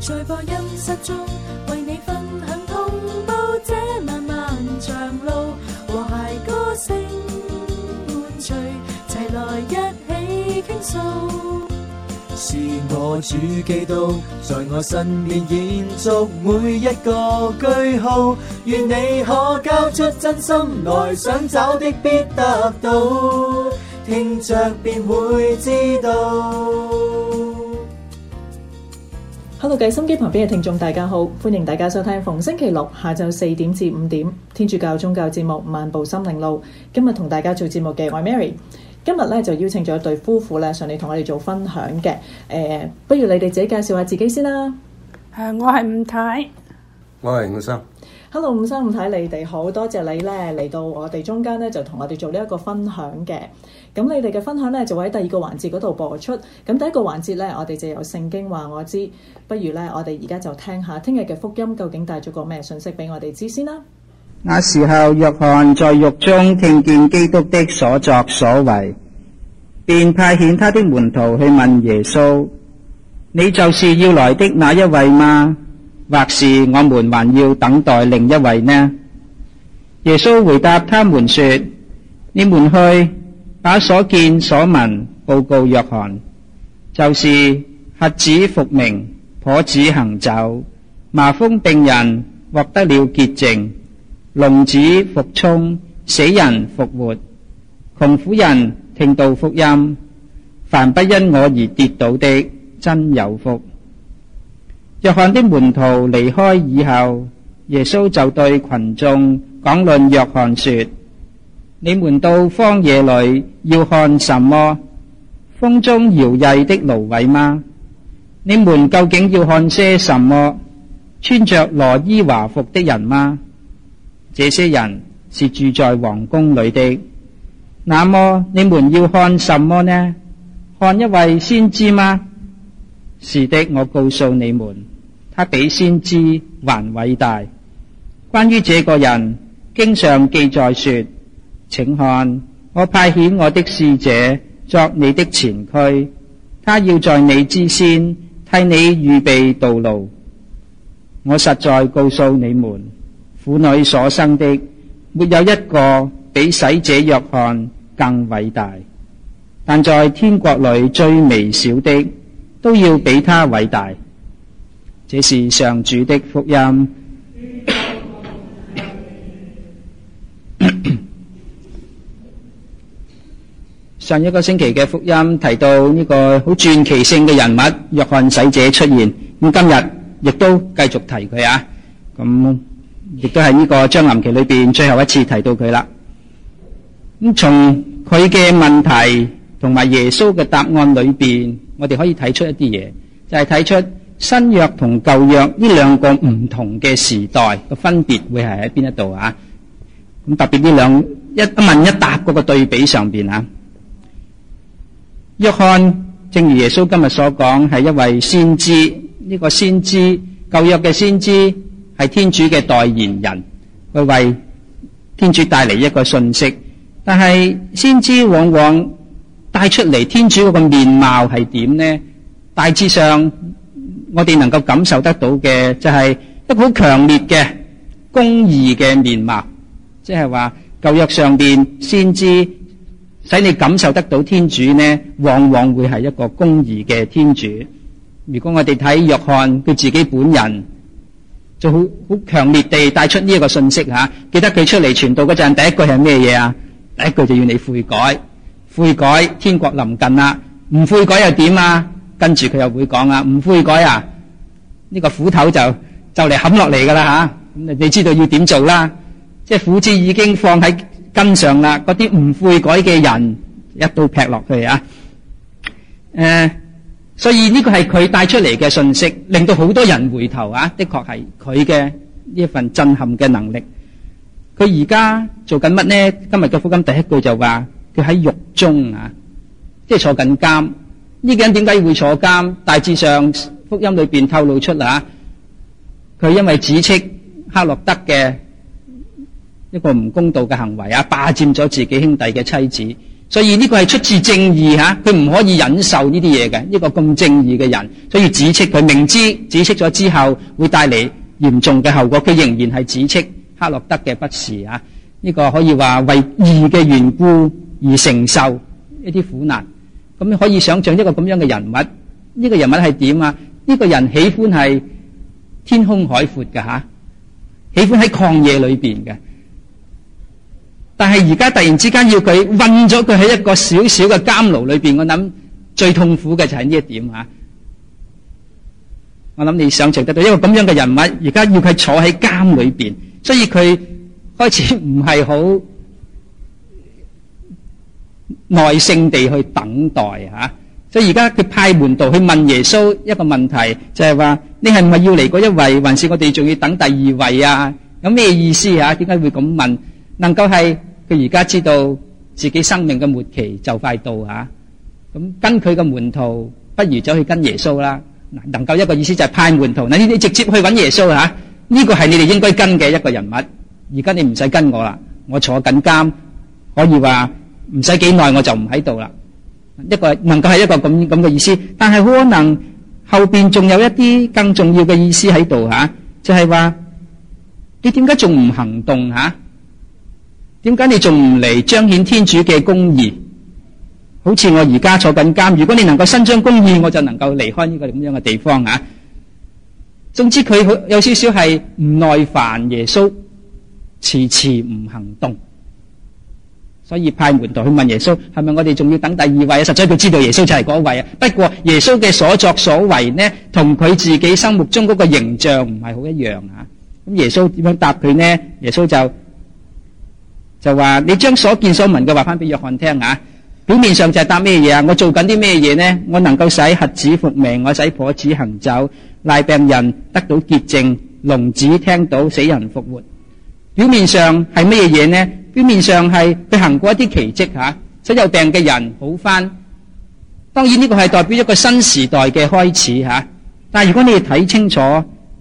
在播音室中，為你分享同步這漫漫長路，和諧歌聲伴隨，齊來一起傾訴。是我主基督在我身邊延續每一個句號，願你可交出真心來，想找的必得到，聽着，便會知道。喺度計心機旁邊嘅聽眾，大家好，歡迎大家收聽逢星期六下午四點至五點天主教宗教節目《漫步心靈路》。今日同大家做節目嘅我係 Mary，今日呢，就邀請咗對夫婦呢上嚟同我哋做分享嘅。呃，不如你哋自己介紹下自己先啦。我係吳太，我係吳生。好，五叔五太，你哋好多謝你咧嚟到我哋中間咧，就同我哋做呢一個分享嘅。咁你哋嘅分享咧，就會喺第二個環節嗰度播出。咁第一個環節咧，我哋就有聖經話我知，不如咧，我哋而家就聽下聽日嘅福音究竟帶咗個咩信息俾我哋知先啦。那時候，約翰在獄中聽見基督的所作所為，便派遣他的門徒去問耶穌：你就是要來的那一位嗎？或是我們還要等待另一位呢？耶穌回答他們說：你們去把所見所聞報告約翰，就是瞎子復明、跛子行走、麻風病人獲得了潔淨、聾子復聰、死人復活、窮苦人聽到福音。凡不因我而跌倒的，真有福。約翰的門徒離開以後，耶穌就對群眾講論約翰說：你們到荒野裏要看什麼？風中搖曳的蘆葦嗎？你們究竟要看些什麼？穿着羅衣華服的人嗎？這些人是住在皇宮裏的。那麼你們要看什麼呢？看一位先知嗎？是的，我告訴你們，他比先知還偉大。關於這個人，經上記載說：請看，我派遣我的使者作你的前驅，他要在你之先替你預備道路。我實在告訴你們，婦女所生的沒有一個比洗者若翰更偉大，但在天國裏最微小的。都要比他偉大。這是上主的福音。上一個星期嘅福音，提到呢個好傳奇性嘅人物，若翰洗者出現。咁今日，亦都繼續提佢。咁亦都係呢個將臨期裏面最後一次提到佢啦。咁從佢嘅問題，同埋耶穌嘅答案裏面, 我哋可以睇出一啲嘢，就係睇出新約同舊約呢兩個唔同嘅時代個分別會係喺邊一度啊。咁特別呢兩一問一答嗰個對比上邊啊，約翰正如耶穌今日所講，係一位先知。呢個先知舊約嘅先知係天主嘅代言人，佢為天主帶嚟一個訊息，但係先知往往。帶出嚟，天主嗰個面貌係點呢？大致上，我哋能夠感受得到嘅就係一個好強烈嘅公義嘅面貌，即係話舊約上面先知使你感受得到天主呢，往往會係一個公義嘅天主。如果我哋睇約翰佢自己本人就，就好好強烈地帶出呢一個信息吓。記得佢出嚟傳道嗰陣，第一句係咩嘢啊？第一句就要你悔改。悔改，天國臨近啦，唔悔改又點啊？跟住佢又會講啊，唔悔改啊，呢個斧頭就就嚟冚落嚟噶啦吓，咁你你知道要點做啦？即係斧子已經放喺根上啦，嗰啲唔悔改嘅人一刀劈落去啊！誒，所以呢個係佢帶出嚟嘅信息，令到好多人回頭啊！的確係佢嘅呢一份震撼嘅能力。佢而家做緊乜呢？今日嘅福音第一句就話。佢喺獄中啊，即係坐緊監。呢、這個人點解會坐監？大致上福音裏邊透露出啦，佢因為指斥克洛德嘅一個唔公道嘅行為啊，霸佔咗自己兄弟嘅妻子，所以呢個係出自正義吓。佢唔可以忍受呢啲嘢嘅，呢、這個咁正義嘅人，所以指斥佢明知指斥咗之後會帶嚟嚴重嘅後果，佢仍然係指斥克洛德嘅不是啊。呢、這個可以話為義嘅緣故。而承受一啲苦難，咁你可以想象一個咁樣嘅人物，呢個人物係點啊？呢個人喜歡係天空海闊嘅吓，喜歡喺曠野裏邊嘅。但係而家突然之間要佢困咗佢喺一個小小嘅監牢裏邊，我諗最痛苦嘅就係呢一點吓。我諗你想象得到，一個咁樣嘅人物，而家要佢坐喺監裏邊，所以佢開始唔係好。耐性地去等待嚇，所以而家佢派門徒去問耶穌一個問題，就係話，你係唔係要嚟個一位，還是我哋仲要等第二位啊？有咩意思啊？點解會咁問？能夠係佢而家知道自己生命嘅末期就快到啊！咁跟佢嘅門徒，不如走去跟耶穌啦。嗱，能夠一個意思就係派門徒，你你直接去搵耶穌吓，呢個係你哋應該跟嘅一個人物。而家你唔使跟我啦，我坐緊監，可以話。唔使幾耐我就唔喺度啦。一個能夠係一個咁咁嘅意思，但係可能後邊仲有一啲更重要嘅意思喺度吓，就係、是、話你點解仲唔行動吓？點、啊、解你仲唔嚟彰顯天主嘅公義？好似我而家坐緊監，如果你能夠伸張公義，我就能夠離開呢、這個咁樣嘅地方吓、啊。總之佢有少少係唔耐煩耶穌，遲遲唔行動。所以派門徒去問耶穌，係咪我哋仲要等第二位啊？實際佢知道耶穌就係嗰位啊。不過耶穌嘅所作所為呢，同佢自己心目中嗰個形象唔係好一樣啊。咁耶穌點樣答佢呢？耶穌就就話：你將所見所聞嘅話翻俾約翰聽啊。表面上就係答咩嘢啊？我做緊啲咩嘢呢？我能夠使瞎子復明，我使跛子行走，賴病人得到潔淨，聾子聽到，死人復活。表面上係咩嘢嘢呢？表面上係佢行過一啲奇蹟吓，使有病嘅人好翻。當然呢個係代表一個新時代嘅開始吓。但係如果你哋睇清楚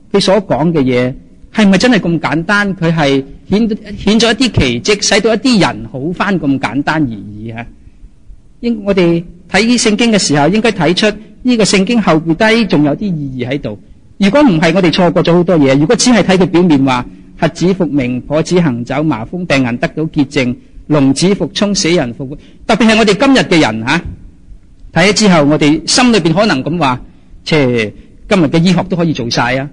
佢所講嘅嘢，係咪真係咁簡單？佢係顯、顯咗一啲奇蹟，使到一啲人好翻咁簡單而已吓。我哋睇聖經嘅時候，應該睇出呢個聖經後面底仲有啲意義喺度。如果唔係，我哋錯過咗好多嘢。如果只係睇佢表面話。瞎子復明，跛子行走，麻風病人得到潔淨，聾子復聰，死人復活。特別係我哋今日嘅人吓，睇咗之後，我哋心裏邊可能咁話：切，今日嘅醫學都可以做晒啊，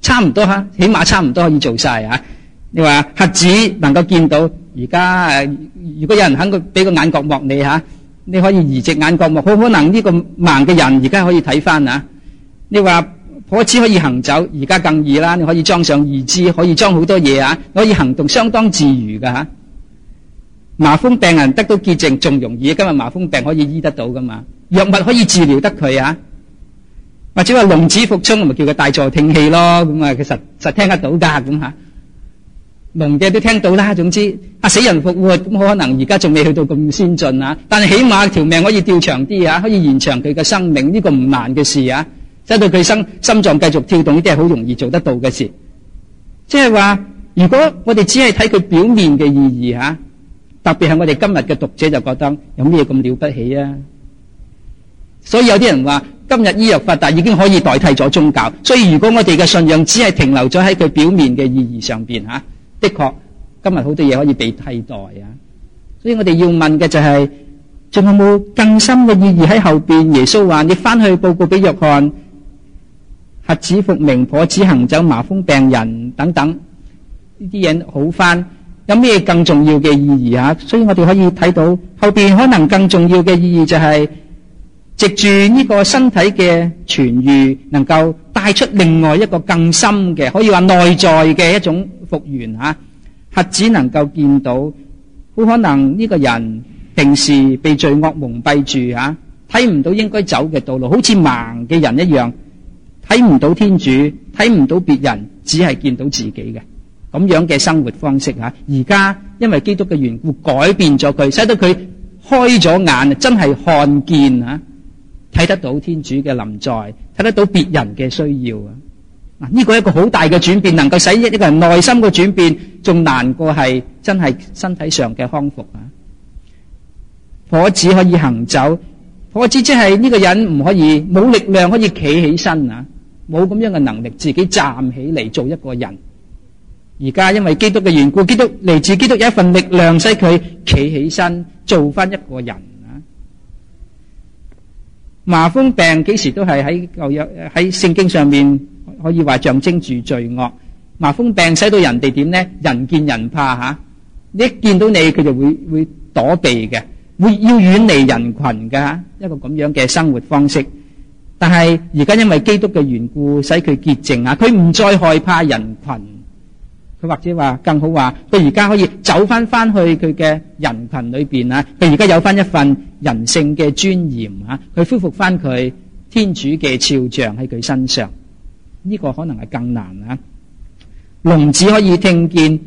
差唔多吓，起碼差唔多可以做晒吓。你話瞎子能夠見到，而家誒，如果有人肯個俾個眼角膜你吓，你可以移植眼角膜，好可能呢個盲嘅人而家可以睇翻吓。你話？我只可，可以行走，而家更易啦。你可以裝上義肢，可以裝好多嘢啊，可以行動相當自如嘅吓。麻風病人得到潔淨仲容易，今日麻風病可以醫得到噶嘛？藥物可以治療得佢啊，或者話聾子復出咪叫佢大助聽器咯。咁啊，其實實聽得到得咁吓，聾嘅都聽到啦。總之啊，死人復活咁可能而家仲未去到咁先進啊，但係起碼條命可以吊長啲啊，可以延長佢嘅生命，呢、這個唔難嘅事啊。使到佢心心臟繼續跳動，呢啲係好容易做得到嘅事。即係話，如果我哋只係睇佢表面嘅意義吓，特別係我哋今日嘅讀者就覺得有咩咁了不起啊？所以有啲人話今日醫藥發達已經可以代替咗宗教，所以如果我哋嘅信仰只係停留咗喺佢表面嘅意義上邊吓，的確今日好多嘢可以被替代啊。所以我哋要問嘅就係仲有冇更深嘅意義喺後邊？耶穌話你翻去報告俾約翰。子復明火，子行走麻風病人等等，呢啲嘢好翻。有咩更重要嘅意義啊？所以我哋可以睇到後邊可能更重要嘅意義就係藉住呢個身體嘅痊愈，能夠帶出另外一個更深嘅，可以話內在嘅一種復原啊。核子能夠見到，好可能呢個人平時被罪惡蒙蔽住啊，睇唔到應該走嘅道路，好似盲嘅人一樣。睇唔到天主，睇唔到別人，只係見到自己嘅咁樣嘅生活方式吓。而家因為基督嘅緣故，改變咗佢，使得佢開咗眼，真係看見吓，睇得到天主嘅臨在，睇得到別人嘅需要啊！嗱，呢個一個好大嘅轉變，能夠使一個人內心嘅轉變，仲難過係真係身體上嘅康復啊！我只可以行走，我只即係呢個人唔可以冇力量可以企起身啊！冇咁樣嘅能力，自己站起嚟，做一個人。而家因為基督嘅緣故，基督嚟自基督有一份力量，使佢企起身做翻一個人啊！麻風病幾時都係喺舊約喺聖經上面可以話象徵住罪惡。麻風病使到人哋點呢？人見人怕吓，你一見到你佢就會會躲避嘅，會要遠離人群嘅一個咁樣嘅生活方式。但係而家因為基督嘅緣故，使佢潔淨啊。佢唔再害怕人群。佢或者話更好話，佢而家可以走翻翻去佢嘅人群裏邊啊。佢而家有翻一份人性嘅尊嚴啊。佢恢復翻佢天主嘅肖像喺佢身上。呢個可能係更難啊。聾子可以聽見，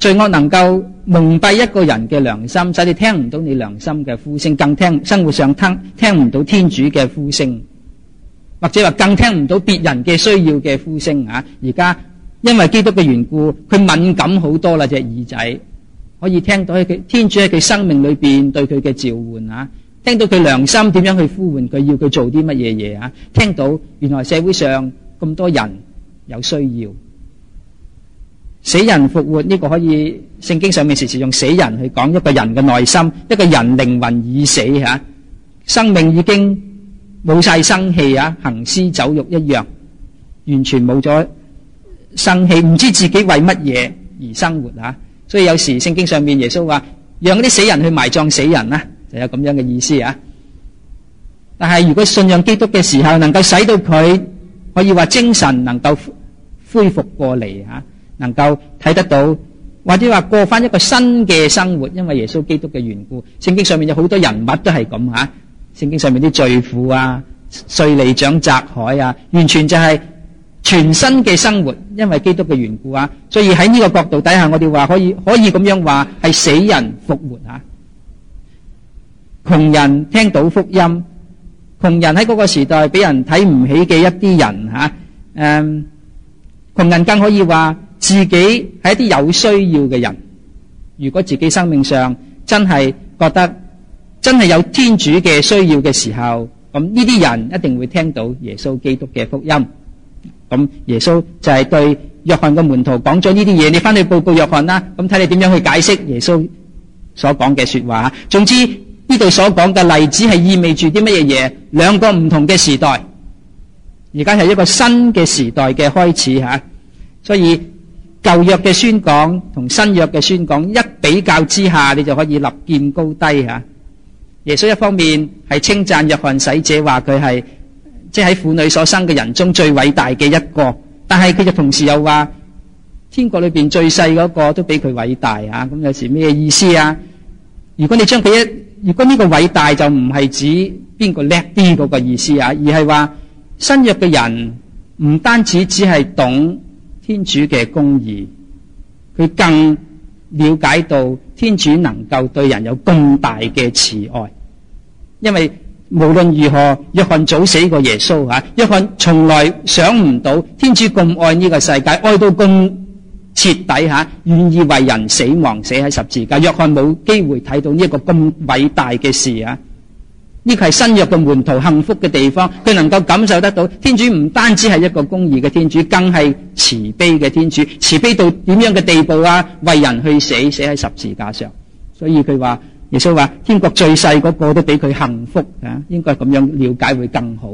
罪惡，能夠蒙蔽一個人嘅良心，使你聽唔到你良心嘅呼聲，更聽生活上聽聽唔到天主嘅呼聲。或者話更聽唔到別人嘅需要嘅呼聲啊！而家因為基督嘅緣故，佢敏感好多啦，隻耳仔可以聽到喺佢天主喺佢生命裏邊對佢嘅召喚啊！聽到佢良心點樣去呼喚佢，要佢做啲乜嘢嘢啊！聽到原來社會上咁多人有需要，死人復活呢個可以聖經上面時時用死人去講一個人嘅內心，一個人靈魂已死吓，生命已經。冇晒生氣啊，行屍走肉一樣，完全冇咗生氣，唔知自己為乜嘢而生活啊！所以有時聖經上面耶穌話，讓嗰啲死人去埋葬死人啊，就有咁樣嘅意思啊！但係如果信仰基督嘅時候，能夠使到佢可以話精神能夠恢復過嚟啊，能夠睇得到，或者話過翻一個新嘅生活，因為耶穌基督嘅緣故，聖經上面有好多人物都係咁啊！聖經上面啲罪婦啊、稅吏長澤海啊，完全就係全新嘅生活，因為基督嘅緣故啊，所以喺呢個角度底下，我哋話可以可以咁樣話係死人復活吓，窮人聽到福音，窮人喺嗰個時代俾人睇唔起嘅一啲人吓，誒，窮人更可以話自己係一啲有需要嘅人，如果自己生命上真係覺得。真係有天主嘅需要嘅時候，咁呢啲人一定會聽到耶穌基督嘅福音。咁耶穌就係對約翰嘅門徒講咗呢啲嘢，你翻去報告約翰啦。咁睇你點樣去解釋耶穌所講嘅說話。總之呢度所講嘅例子係意味住啲乜嘢嘢？兩個唔同嘅時代，而家係一個新嘅時代嘅開始吓。所以舊約嘅宣講同新約嘅宣講一比較之下，你就可以立見高低吓。耶穌一方面係稱讚約翰使者話佢係即係喺婦女所生嘅人中最偉大嘅一個，但係佢就同時又話天國裏邊最細嗰個都比佢偉大啊！咁有時咩意思啊？如果你將佢一，如果呢個偉大就唔係指邊個叻啲嗰個意思啊，而係話新約嘅人唔單止只係懂天主嘅公義，佢更。了解到天主能夠對人有咁大嘅慈愛，因為無論如何，約翰早死過耶穌嚇，約翰從來想唔到天主咁愛呢個世界，愛到咁徹底嚇，願意為人死亡，死喺十字架。約翰冇機會睇到呢一個咁偉大嘅事啊！呢個係新約嘅門徒幸福嘅地方，佢能夠感受得到，天主唔單止係一個公義嘅天主，更係慈悲嘅天主，慈悲到點樣嘅地步啊？為人去死，死喺十字架上，所以佢話耶穌話：天國最細嗰個都比佢幸福啊！應該咁樣了解會更好。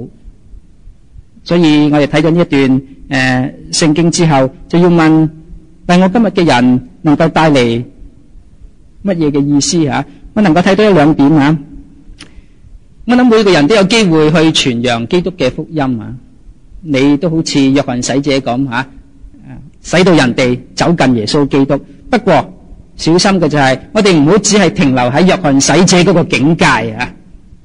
所以我哋睇咗呢一段誒聖經之後，就要問：但我今日嘅人能夠帶嚟乜嘢嘅意思啊？我能夠睇到一兩點啊？我諗每個人都有機會去傳揚基督嘅福音啊！你都好似約翰使者咁吓，啊，使到人哋走近耶穌基督。不過小心嘅就係、是，我哋唔好只係停留喺約翰使者嗰個境界啊！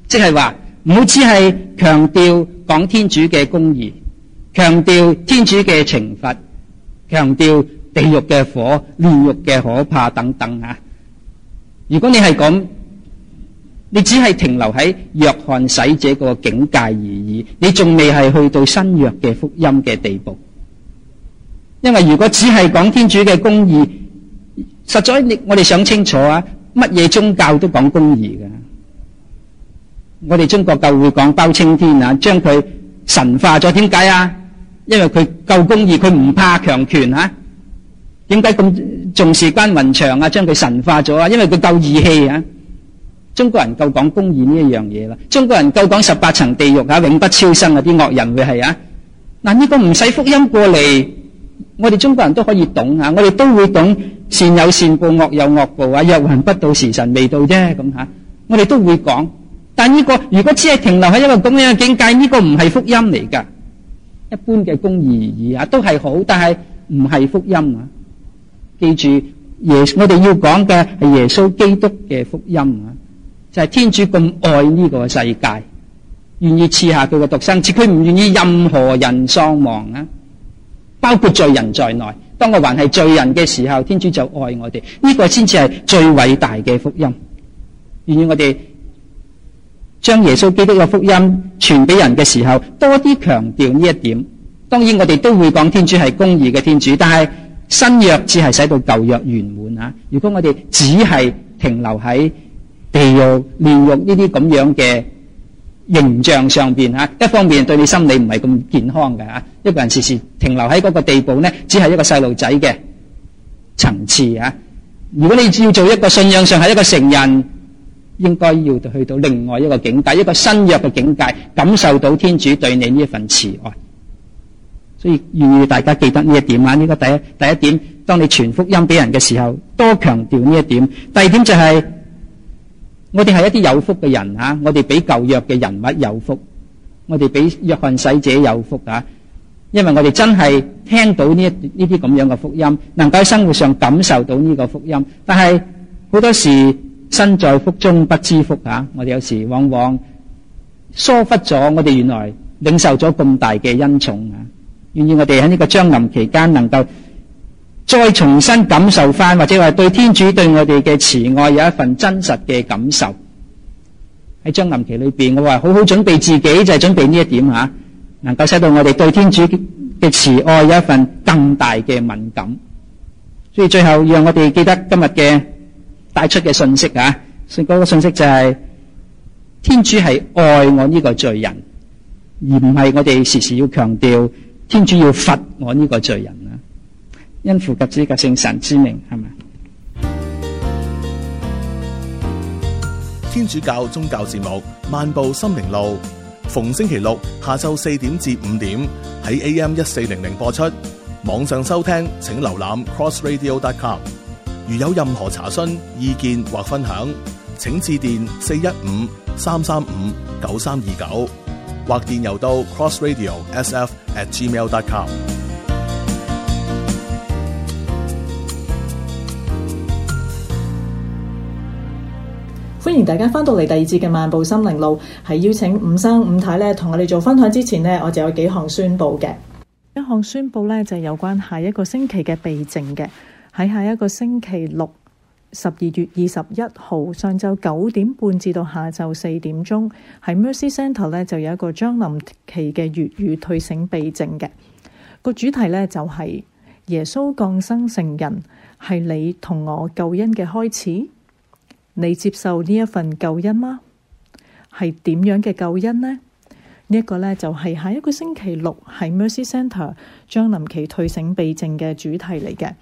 即係話唔好只係強調講天主嘅公義，強調天主嘅懲罰，強調地獄嘅火、煉獄嘅可怕等等啊！如果你係咁，你只係停留喺約翰使者個境界而已，你仲未係去到新約嘅福音嘅地步。因為如果只係講天主嘅公義，實在你我哋想清楚啊，乜嘢宗教都講公義㗎。我哋中國教會講包青天啊，將佢神化咗，點解啊？因為佢夠公義，佢唔怕強權啊。點解咁重視關雲長啊？將佢神化咗啊？因為佢夠義氣啊！中國人夠講公義呢一樣嘢啦。中國人夠講十八層地獄嚇、啊，永不超生惡啊！啲惡人會係啊。嗱呢個唔使福音過嚟，我哋中國人都可以懂啊，我哋都會懂善有善報，惡有惡報啊。若還不到時辰未到啫，咁、啊、嚇、啊、我哋都會講。但呢、這個如果只係停留喺一個咁樣嘅境界，呢、這個唔係福音嚟噶。一般嘅公義而已啊都係好，但係唔係福音啊。記住耶，我耶我哋要講嘅係耶穌基督嘅福音啊。就係天主咁愛呢個世界，願意賜下佢個獨生子，佢唔願意任何人喪亡啊，包括罪人在內。當我還係罪人嘅時候，天主就愛我哋，呢個先至係最偉大嘅福音。願意我哋將耶穌基督嘅福音傳俾人嘅時候，多啲強調呢一點。當然我哋都會講天主係公義嘅天主，但係新約只係使到舊約圓滿啊。如果我哋只係停留喺地獄、煉獄呢啲咁樣嘅形象上邊嚇，一方面對你心理唔係咁健康嘅啊。一個人時時停留喺嗰個地步咧，只係一個細路仔嘅層次啊。如果你要做一個信仰上係一個成人，應該要去到另外一個境界，一個新約嘅境界，感受到天主對你呢一份慈愛。所以願意大家記得呢一點啦。呢個第一第一點，當你傳福音俾人嘅時候，多強調呢一點。第二點就係。我哋係一啲有福嘅人啊！我哋比舊約嘅人物有福，我哋比若翰洗者有福啊！因為我哋真係聽到呢一呢啲咁樣嘅福音，能夠喺生活上感受到呢個福音。但係好多時身在福中不知福啊！我哋有時往往疏忽咗我哋原來領受咗咁大嘅恩寵啊！願意我哋喺呢個將臨期間能夠。再重新感受翻，或者話對天主對我哋嘅慈愛有一份真實嘅感受。喺將臨期裏邊，我話好好準備自己，就係、是、準備呢一點吓、啊，能夠使到我哋對天主嘅慈愛有一份更大嘅敏感。所以最後讓我哋記得今日嘅帶出嘅信息啊，嗰、那個信息就係、是、天主係愛我呢個罪人，而唔係我哋時時要強調天主要罰我呢個罪人。因父及子嘅聖神之名，係咪？天主教宗教節目《漫步心靈路》，逢星期六下晝四點至五點喺 AM 一四零零播出。網上收聽，請瀏覽 crossradio.com。如有任何查詢、意見或分享，請致電四一五三三五九三二九，或電郵到 crossradio.sf@gmail.com。歡迎大家翻到嚟第二節嘅漫步心靈路，係邀請伍生伍太咧同我哋做分享之前呢，我就有幾項宣布嘅。一項宣布咧就係有關下一個星期嘅避靜嘅，喺下一個星期六十二月二十一號上晝九點半至到下晝四點鐘，喺 Mercy Center 咧就有一個將臨期嘅粵語退省避靜嘅。個主題咧就係、是、耶穌降生成人係你同我救恩嘅開始。你接受呢一份救恩嗎？係點樣嘅救恩呢？這個、呢一個咧就係、是、下一個星期六喺 Mercy Center e 將臨期退省避靜嘅主題嚟嘅。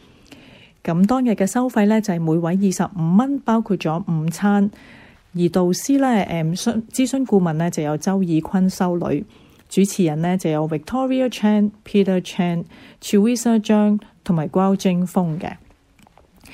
咁當日嘅收費咧就係、是、每位二十五蚊，包括咗午餐。而導師咧，誒詢諮詢顧問咧就有周以坤修女，主持人咧就有 Victoria Chan、Peter Chan、Teresa Zhang 同埋郭正峰嘅。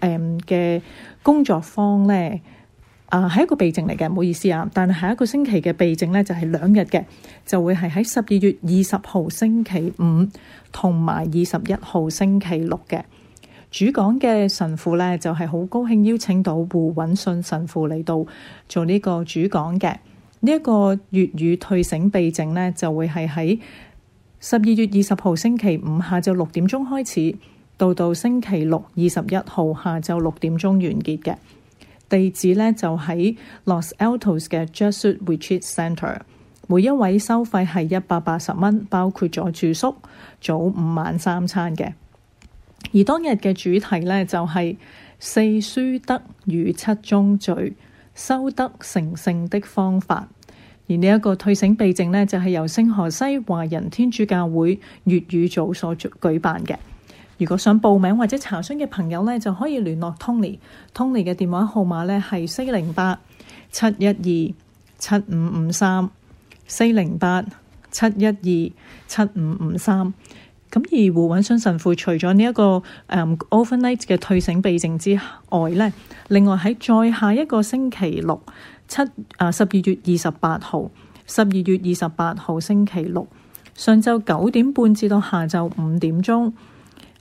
嘅工作坊咧，啊，係一個避靜嚟嘅，唔好意思啊。但下一個星期嘅避靜咧，就係兩日嘅，就會係喺十二月二十號星期五同埋二十一號星期六嘅。主講嘅神父咧，就係、是、好高興邀請到胡允信神父嚟到做呢個主講嘅。呢、這、一個粵語退省避靜咧，就會係喺十二月二十號星期五下晝六點鐘開始。到到星期六二十一號下晝六點鐘完結嘅。地址呢，就喺 Los Altos 嘅 Jesuit Retreat Center，每一位收費係一百八十蚊，包括咗住宿、早午晚三餐嘅。而當日嘅主題呢，就係、是、四樞德與七宗罪修德成聖的方法，而呢一個退省避靜呢，就係、是、由星河西華人天主教會粵語組所舉辦嘅。如果想報名或者查詢嘅朋友呢，就可以聯絡 Tony，Tony 嘅 Tony 電話號碼呢係四零八七一二七五五三，四零八七一二七五五三。咁而胡穩信神父除咗呢一個誒、um, overnight 嘅退省避靜之外呢，另外喺再下一個星期六，七啊十二月二十八號，十二月二十八號星期六上晝九點半至到下晝五點鐘。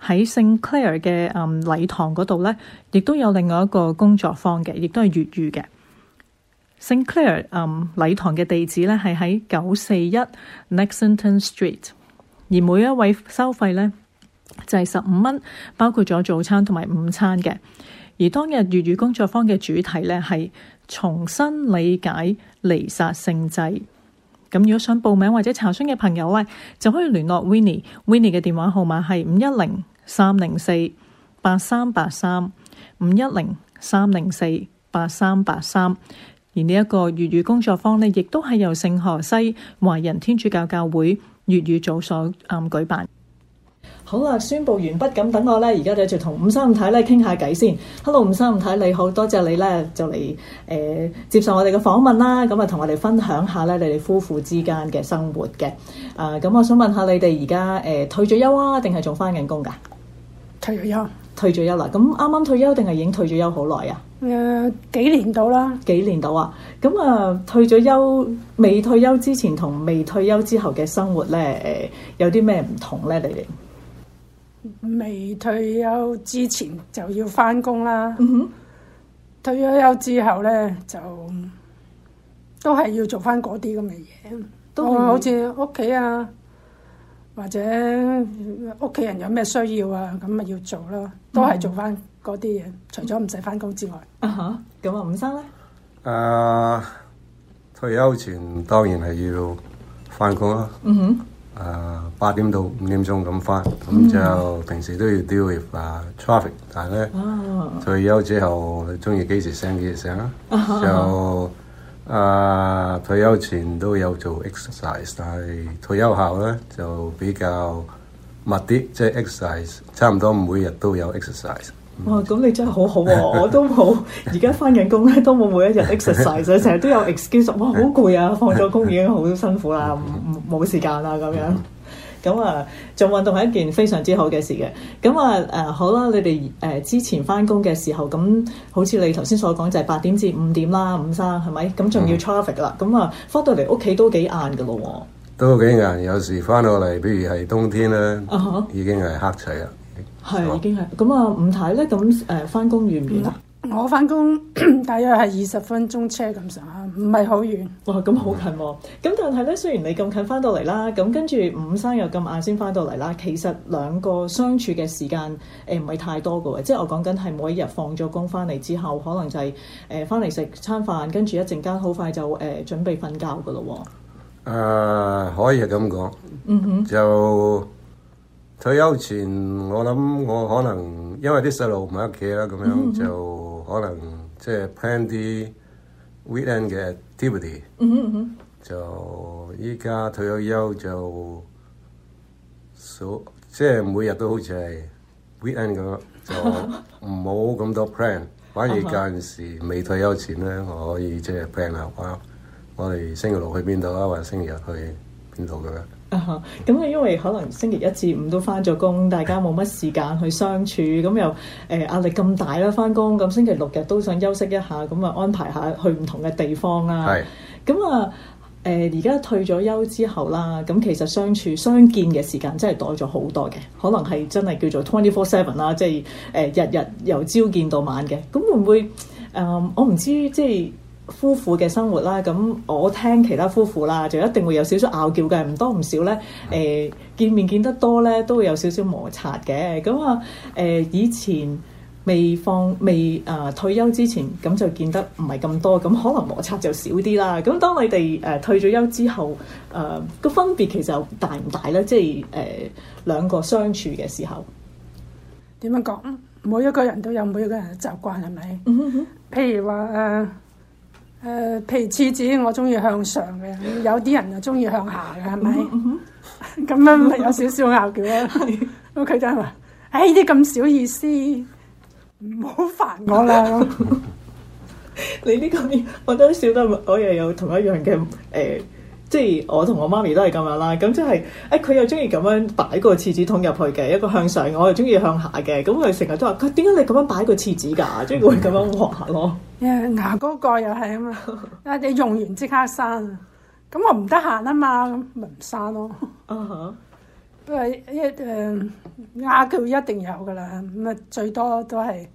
喺 Sinclair 嘅誒禮堂嗰度咧，亦都有另外一個工作坊嘅，亦都係粵語嘅。Sinclair 誒、嗯、禮堂嘅地址咧係喺九四一 Nelson Street，而每一位收費咧就係十五蚊，包括咗早餐同埋午餐嘅。而當日粵語工作坊嘅主題咧係重新理解彌撒聖祭。咁如果想報名或者查詢嘅朋友咧，就可以聯絡 Winnie，Winnie 嘅電話號碼係五一零三零四八三八三，五一零三零四八三八三。而呢一個粵語工作坊咧，亦都係由聖荷西華人天主教教會粵語組所誒舉辦。好啦，宣布完畢咁，等我呢。而家就同伍生伍太咧傾下偈先。Hello，伍生伍太，你好，多謝你呢。就嚟誒、呃、接受我哋嘅訪問啦。咁、嗯、啊，同我哋分享下咧，你哋夫婦之間嘅生活嘅。啊、呃，咁我想問下你哋而家誒退咗休啊，定係仲翻緊工噶？退咗休，退咗休啦。咁啱啱退休定係已經退咗休好耐啊？誒、呃，幾年到啦？幾年到啊？咁、嗯、啊、嗯，退咗休，未退休之前同未退休之後嘅生活呢，誒、呃，有啲咩唔同呢？你哋？未退休之前就要翻工啦，mm hmm. 退咗休之後咧就都係要做翻嗰啲咁嘅嘢。都、mm hmm. 好似屋企啊，或者屋企人有咩需要啊，咁咪要做囉。Mm hmm. 都係做翻嗰啲嘢，除咗唔使翻工之外。啊哈、uh，咁、huh. 啊，吳生咧？誒，退休前當然係要翻工啦。嗯哼、mm。Hmm. 啊，八、uh，點到五點鐘咁返，咁之、mm. 平時都要 deal with、uh, traffic，但係咧、oh. 退休之後，你中意幾時醒，幾時醒？啊？就啊退休前都有做 exercise，但係退休後咧就比較密啲，即、就、係、是、exercise 差唔多每日都有 exercise。哇！咁你真係好好、啊、喎，我都冇而家翻緊工咧，都冇每一日 exercise，成日都有 excuse，哇！好攰啊，放咗工已經好辛苦啦，冇時間啦咁樣。咁 啊，做運動係一件非常之好嘅事嘅。咁啊，誒好啦，你哋誒、呃、之前翻工嘅時候，咁好似你頭先所講就係八點至五點啦，五三係咪？咁仲要 traffic 啦，咁啊、嗯，翻到嚟屋企都幾晏噶咯喎，都幾晏。有時翻到嚟，比如係冬天啦，uh huh. 已經係黑齊啦。係，是啊、已經係咁啊！五太咧，咁誒翻工遠唔遠啊？我翻上工 大約係二十分鐘車咁上下，唔係好遠。哇、哦！咁好近喎、啊。咁但係咧，雖然你咁近翻到嚟啦，咁跟住五生又咁晏先翻到嚟啦，其實兩個相處嘅時間誒唔係太多嘅、啊。即係我講緊係每一日放咗工翻嚟之後，可能就係誒翻嚟食餐飯，跟住一陣間好快就誒、呃、準備瞓覺嘅咯、啊。誒、啊，可以係咁講。嗯哼，就。退休前我諗我可能因為啲細路唔喺屋企啦，咁樣、mm hmm. 就可能即係 plan 啲 weekend 嘅 activity。Activity, mm hmm. 就依家退休休就所即係每日都好似係 weekend 咁樣，就冇咁多 plan。 反而嗰陣時未退休前咧，我可以即係 plan 下，我我哋星期六去邊度啊，或者星期日去。唔同嘅，咁啊、嗯，嗯、因為可能星期一至五都翻咗工，大家冇乜時間去相處，咁又誒壓力咁大啦，翻工咁星期六日都想休息一下，咁啊安排下去唔同嘅地方啦是啊。咁啊誒而家退咗休之後啦，咁其實相處、相見嘅時間真係多咗好多嘅，可能係真係叫做 twenty four seven 啦，即係誒日日由朝見到晚嘅。咁會唔會誒、呃？我唔知即係。夫婦嘅生活啦，咁我聽其他夫婦啦，就一定會有少少拗撬嘅，唔多唔少咧。誒，見面見得多咧，都會有少少摩擦嘅。咁、嗯、啊，誒、呃，以前未放未啊、呃、退休之前，咁、嗯、就見得唔係咁多，咁、嗯、可能摩擦就少啲啦。咁、嗯、當你哋誒、呃、退咗休之後，誒、呃、個分別其實大唔大咧？即係誒、呃、兩個相處嘅時候點樣講？每一個人都有每一個人嘅習慣，係咪？嗯、哼哼，譬如話誒。呃誒、呃，譬如廁紙，我中意向上嘅，有啲人就中意向下嘅，係咪？咁、嗯嗯嗯、 樣咪有少少拗撬咯。佢就真係，誒、哎，啲咁小意思，唔好煩我啦。 你呢、呢個我都少得，我又有同一樣嘅誒。呃即係我同我媽咪都係咁樣啦，咁即係誒佢又中意咁樣擺個廁紙筒入去嘅一個向上，我又中意向下嘅，咁佢成日都話：佢點解你咁樣擺個廁紙㗎？即係會咁樣畫咯。Yeah, 牙膏蓋又係啊嘛， 你用完即刻刪，咁我唔得閒啊嘛，咁咪唔刪咯。不過一誒牙膏一定有噶啦，咁啊最多都係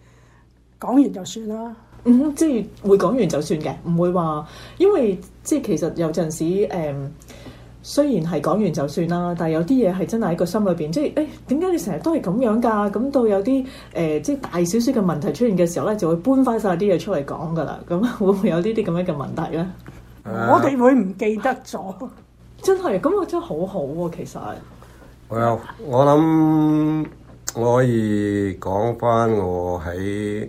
講完就算啦。嗯，即係會講完就算嘅，唔會話，因為即係其實有陣時誒、嗯，雖然係講完就算啦，但係有啲嘢係真係喺個心裏邊，即係誒，欸、點解你成日都係咁樣噶？咁到有啲誒、呃，即係大少少嘅問題出現嘅時候咧，就會搬翻晒啲嘢出嚟講噶啦。咁會唔會有呢啲咁樣嘅問題咧？我哋會唔記得咗？真係，咁我真係好好、啊、喎。其實，我有我諗我可以講翻我喺。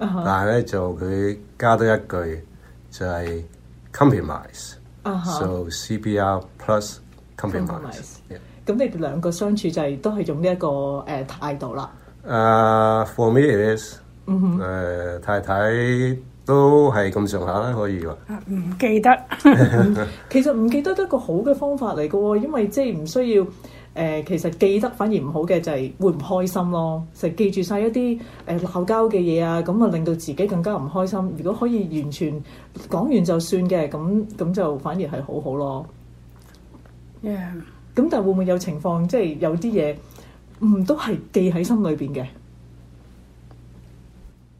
但係咧，就佢加多一句就係 compromise，so CBR plus compromise。咁你哋兩個相處就係都係用呢一個誒態度啦。啊，for me it is，誒，太太都係咁上下啦，可以話。唔記得，其實唔記得都係個好嘅方法嚟噶，因為即係唔需要。誒、呃、其實記得反而唔好嘅就係會唔開心咯，就記住晒一啲誒鬧交嘅嘢啊，咁啊令到自己更加唔開心。如果可以完全講完就算嘅，咁咁就反而係好好咯。咁 Yeah. 但會唔會有情況即係有啲嘢唔都係記喺心裏邊嘅？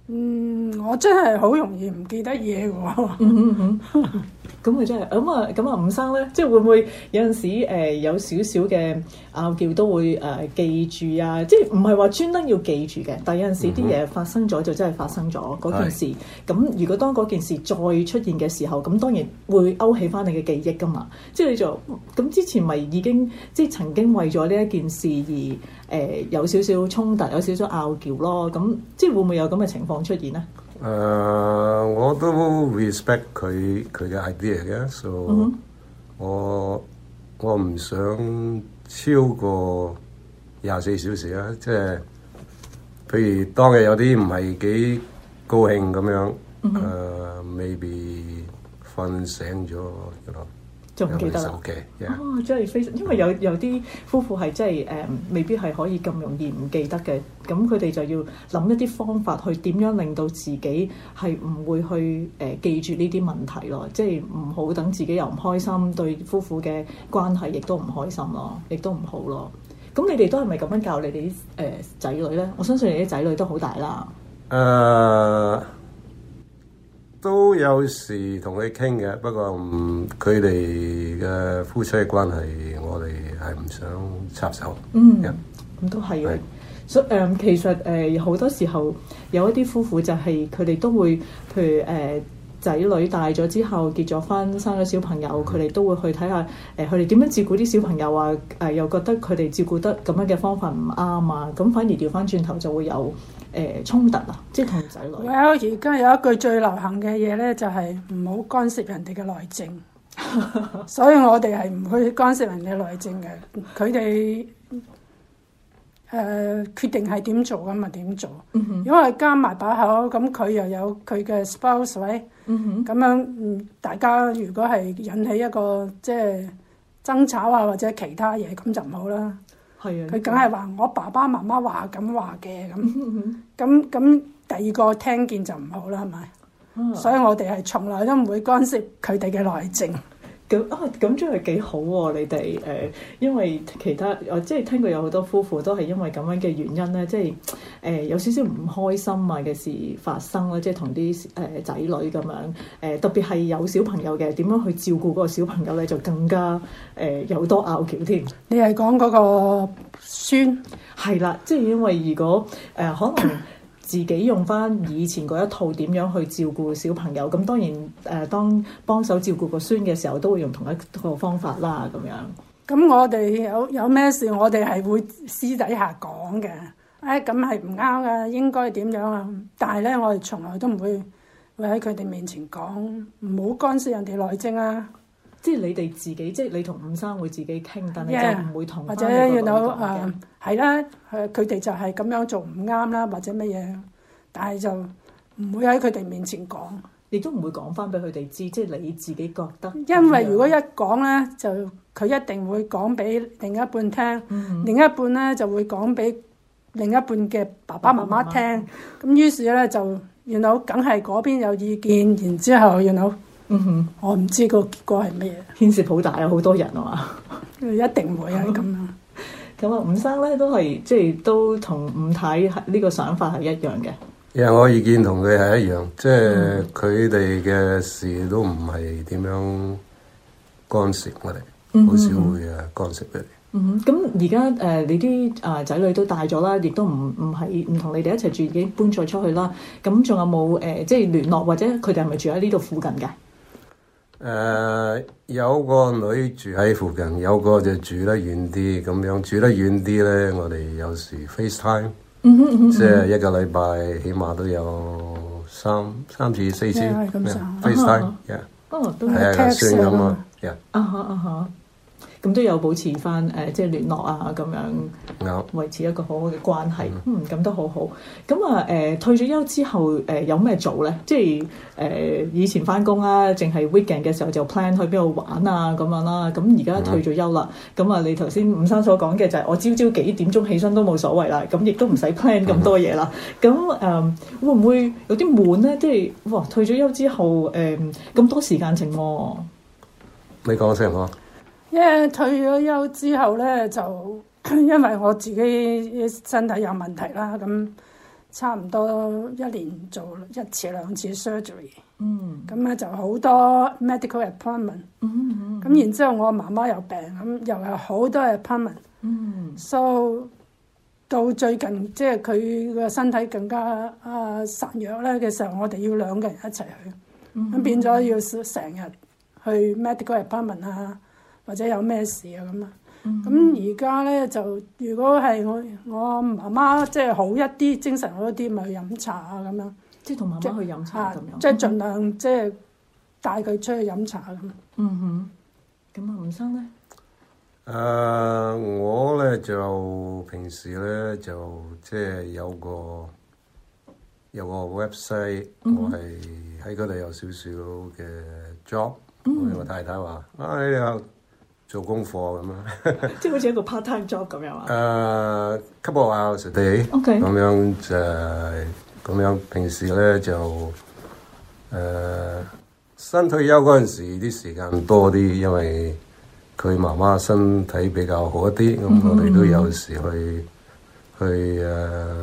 嗯，我真係好容易唔記得嘢喎。 嗯嗯嗯 咁啊真係，咁啊咁啊，伍、嗯嗯嗯、生咧，即係會唔會有陣時誒、呃、有少少嘅拗撬都會誒、呃、記住啊？即係唔係話專登要記住嘅？但係有陣時啲嘢發生咗就真係發生咗嗰、嗯、哼件事。咁、嗯、如果當嗰件事再出現嘅時候，咁、嗯、當然會勾起翻你嘅記憶㗎嘛。即係你就咁之前咪已經即係曾經為咗呢一件事而誒、呃、有少少衝突，有少少拗撬咯。咁、嗯、即係會唔會有咁嘅情況出現咧？誒，我都 respect 佢佢嘅 idea 嘅，所以我我唔想超過廿四小時啦。即係譬如當日有啲唔係幾高興咁樣誒、uh huh. uh，maybe 瞓醒咗仲記得哦，即係非常，因為有有啲夫婦係真係誒，未必係可以咁容易唔記得嘅。咁佢哋就要諗一啲方法去點樣令到自己係唔會去誒、呃、記住呢啲問題咯。即係唔好等自己又唔開心，對夫婦嘅關係亦都唔開心咯，亦都唔好咯。咁你哋都係咪咁樣教你哋啲誒仔女咧？我相信你啲仔女都好大啦。誒、uh。都有時同佢傾嘅，不過佢哋嘅夫妻關係，我哋係唔想插手嘅。嗯，咁都係嘅。所誒，是 so, um, 其實誒，好、uh, 多時候有一啲夫婦就係佢哋都會，譬如誒仔、uh, 女大咗之後結咗婚，生咗小朋友，佢哋、嗯、都會去睇下誒，佢哋點樣照顧啲小朋友啊，誒、uh, 又覺得佢哋照顧得咁樣嘅方法唔啱啊，咁反而調翻轉頭就會有。誒、呃、衝突啊！即係同仔女而家有一句最流行嘅嘢咧，就係唔好干涉人哋嘅內政。 所以我哋係唔去干涉人哋內政嘅。佢哋誒決定係點做咁咪點做。嗯哼。如果係加埋把口，咁佢又有佢嘅 spouse，嗯哼，咁樣大家如果係引起一個即係爭吵啊或者其他嘢，咁就唔好啦。佢梗係話我爸爸媽媽話咁話嘅咁咁咁，第二個聽見就唔好啦，係咪？Uh huh. 所以我哋係從來都唔會干涉佢哋嘅內政。咁啊，咁真係幾好喎！你哋誒，因為其他，我即係聽過有好多夫婦都係因為咁樣嘅原因咧，即係誒有少少唔開心啊嘅事發生啦，即係同啲誒仔女咁樣誒，特別係有小朋友嘅，點樣去照顧個小朋友咧，就更加誒有多拗撬添。你係講嗰個孫？係啦，即係因為如果誒可能。 自己用翻以前嗰一套點樣去照顧小朋友，咁當然誒、呃，當幫手照顧個孫嘅時候，都會用同一個方法啦，咁樣。咁我哋有有咩事，我哋係會私底下講嘅。誒、哎，咁係唔啱噶，應該點樣啊？但係咧，我哋從來都唔會會喺佢哋面前講，唔好干涉人哋內政啊！即係你哋自己，即係你同伍生會自己傾，但係就唔會同翻你講嘅。或者元老誒係啦，佢哋就係咁樣做唔啱啦，或者乜嘢，但係就唔會喺佢哋面前講。亦都唔會講翻俾佢哋知，即係你自己覺得。因為如果一講咧，就佢一定會講俾另一半聽，另一半咧就會講俾另一半嘅爸爸媽媽聽。咁於是咧就元老梗係嗰邊有意見，然之後元老。嗯哼， 我唔知個結果係咩嘢，牽涉好大有好多人啊嘛， 一定會有咁啊。咁啊， 伍生咧都係即係都同伍太呢個想法係一樣嘅。因誒，我意見同佢係一樣， 即係佢哋嘅事都唔係點樣干涉我哋，好少會誒干涉佢哋。咁而家誒你啲誒仔女都大咗啦，亦都唔唔係唔同你哋一齊住，已經搬咗出去啦。咁仲有冇誒、呃、即係聯絡或者佢哋係咪住喺呢度附近嘅？誒，uh, 有個女住喺附近，有個就住得遠啲，咁樣住得遠啲咧，我哋有時 FaceTime，即係一個禮拜起碼都有三三次、四次 FaceTime，哦，yeah, 都係算咁啊，啊哈啊哈。Huh, uh huh. 咁都有保持翻誒、呃、即係聯絡啊，咁樣維持一個好好嘅關係，嗯，咁都好好。咁啊誒，退咗休之後誒、呃、有咩做咧？即係誒、呃、以前翻工啊，淨係 weekend 嘅時候就 plan 去邊度玩啊咁樣啦、啊。咁而家退咗休啦，咁啊、嗯、你頭先吳生所講嘅就係我朝朝幾點鐘起身都冇所謂啦，咁亦都唔使 plan 咁多嘢啦。咁誒、嗯呃、會唔會有啲悶咧？即係哇，退咗休之後誒咁、呃、多時間程，你講先啊。嗯一、yeah, 退咗休之後咧，就因為我自己身體有問題啦，咁差唔多一年做一次兩次 surgery。咁咧、mm hmm. 就好多 medical appointment、mm。嗯、hmm. 咁然之後我媽媽又病，咁又有好多 appointment S、mm。Hmm. so、so, 到最近即係佢個身體更加啊孱弱咧嘅時候，我哋要兩個人一齊去，咁、mm hmm. 變咗要成日去 medical appointment 啊。或者有咩事啊咁啊，咁而家咧就如果係我我阿媽媽即係、就是、好一啲精神好一啲，咪去飲茶啊咁樣。即係同媽媽去飲茶咁、啊、樣。即係、啊就是、盡量即係、就是、帶佢出去飲茶咁、嗯。嗯哼，咁阿吳生咧？誒、uh,，我咧就平時咧就即係有個有個 website，、嗯、哼我係喺嗰度有少少嘅 job、嗯哼。我有個太太話：啊，你好？做功課咁啊， 即係好似一個 part time job 咁啊嘛。誒 couple hours day，咁 Okay. 樣就咁樣平時咧就誒新退休嗰陣時啲時間多啲，因為佢媽媽身體比較好一啲，咁、mm hmm. 我哋都有時去去誒、呃、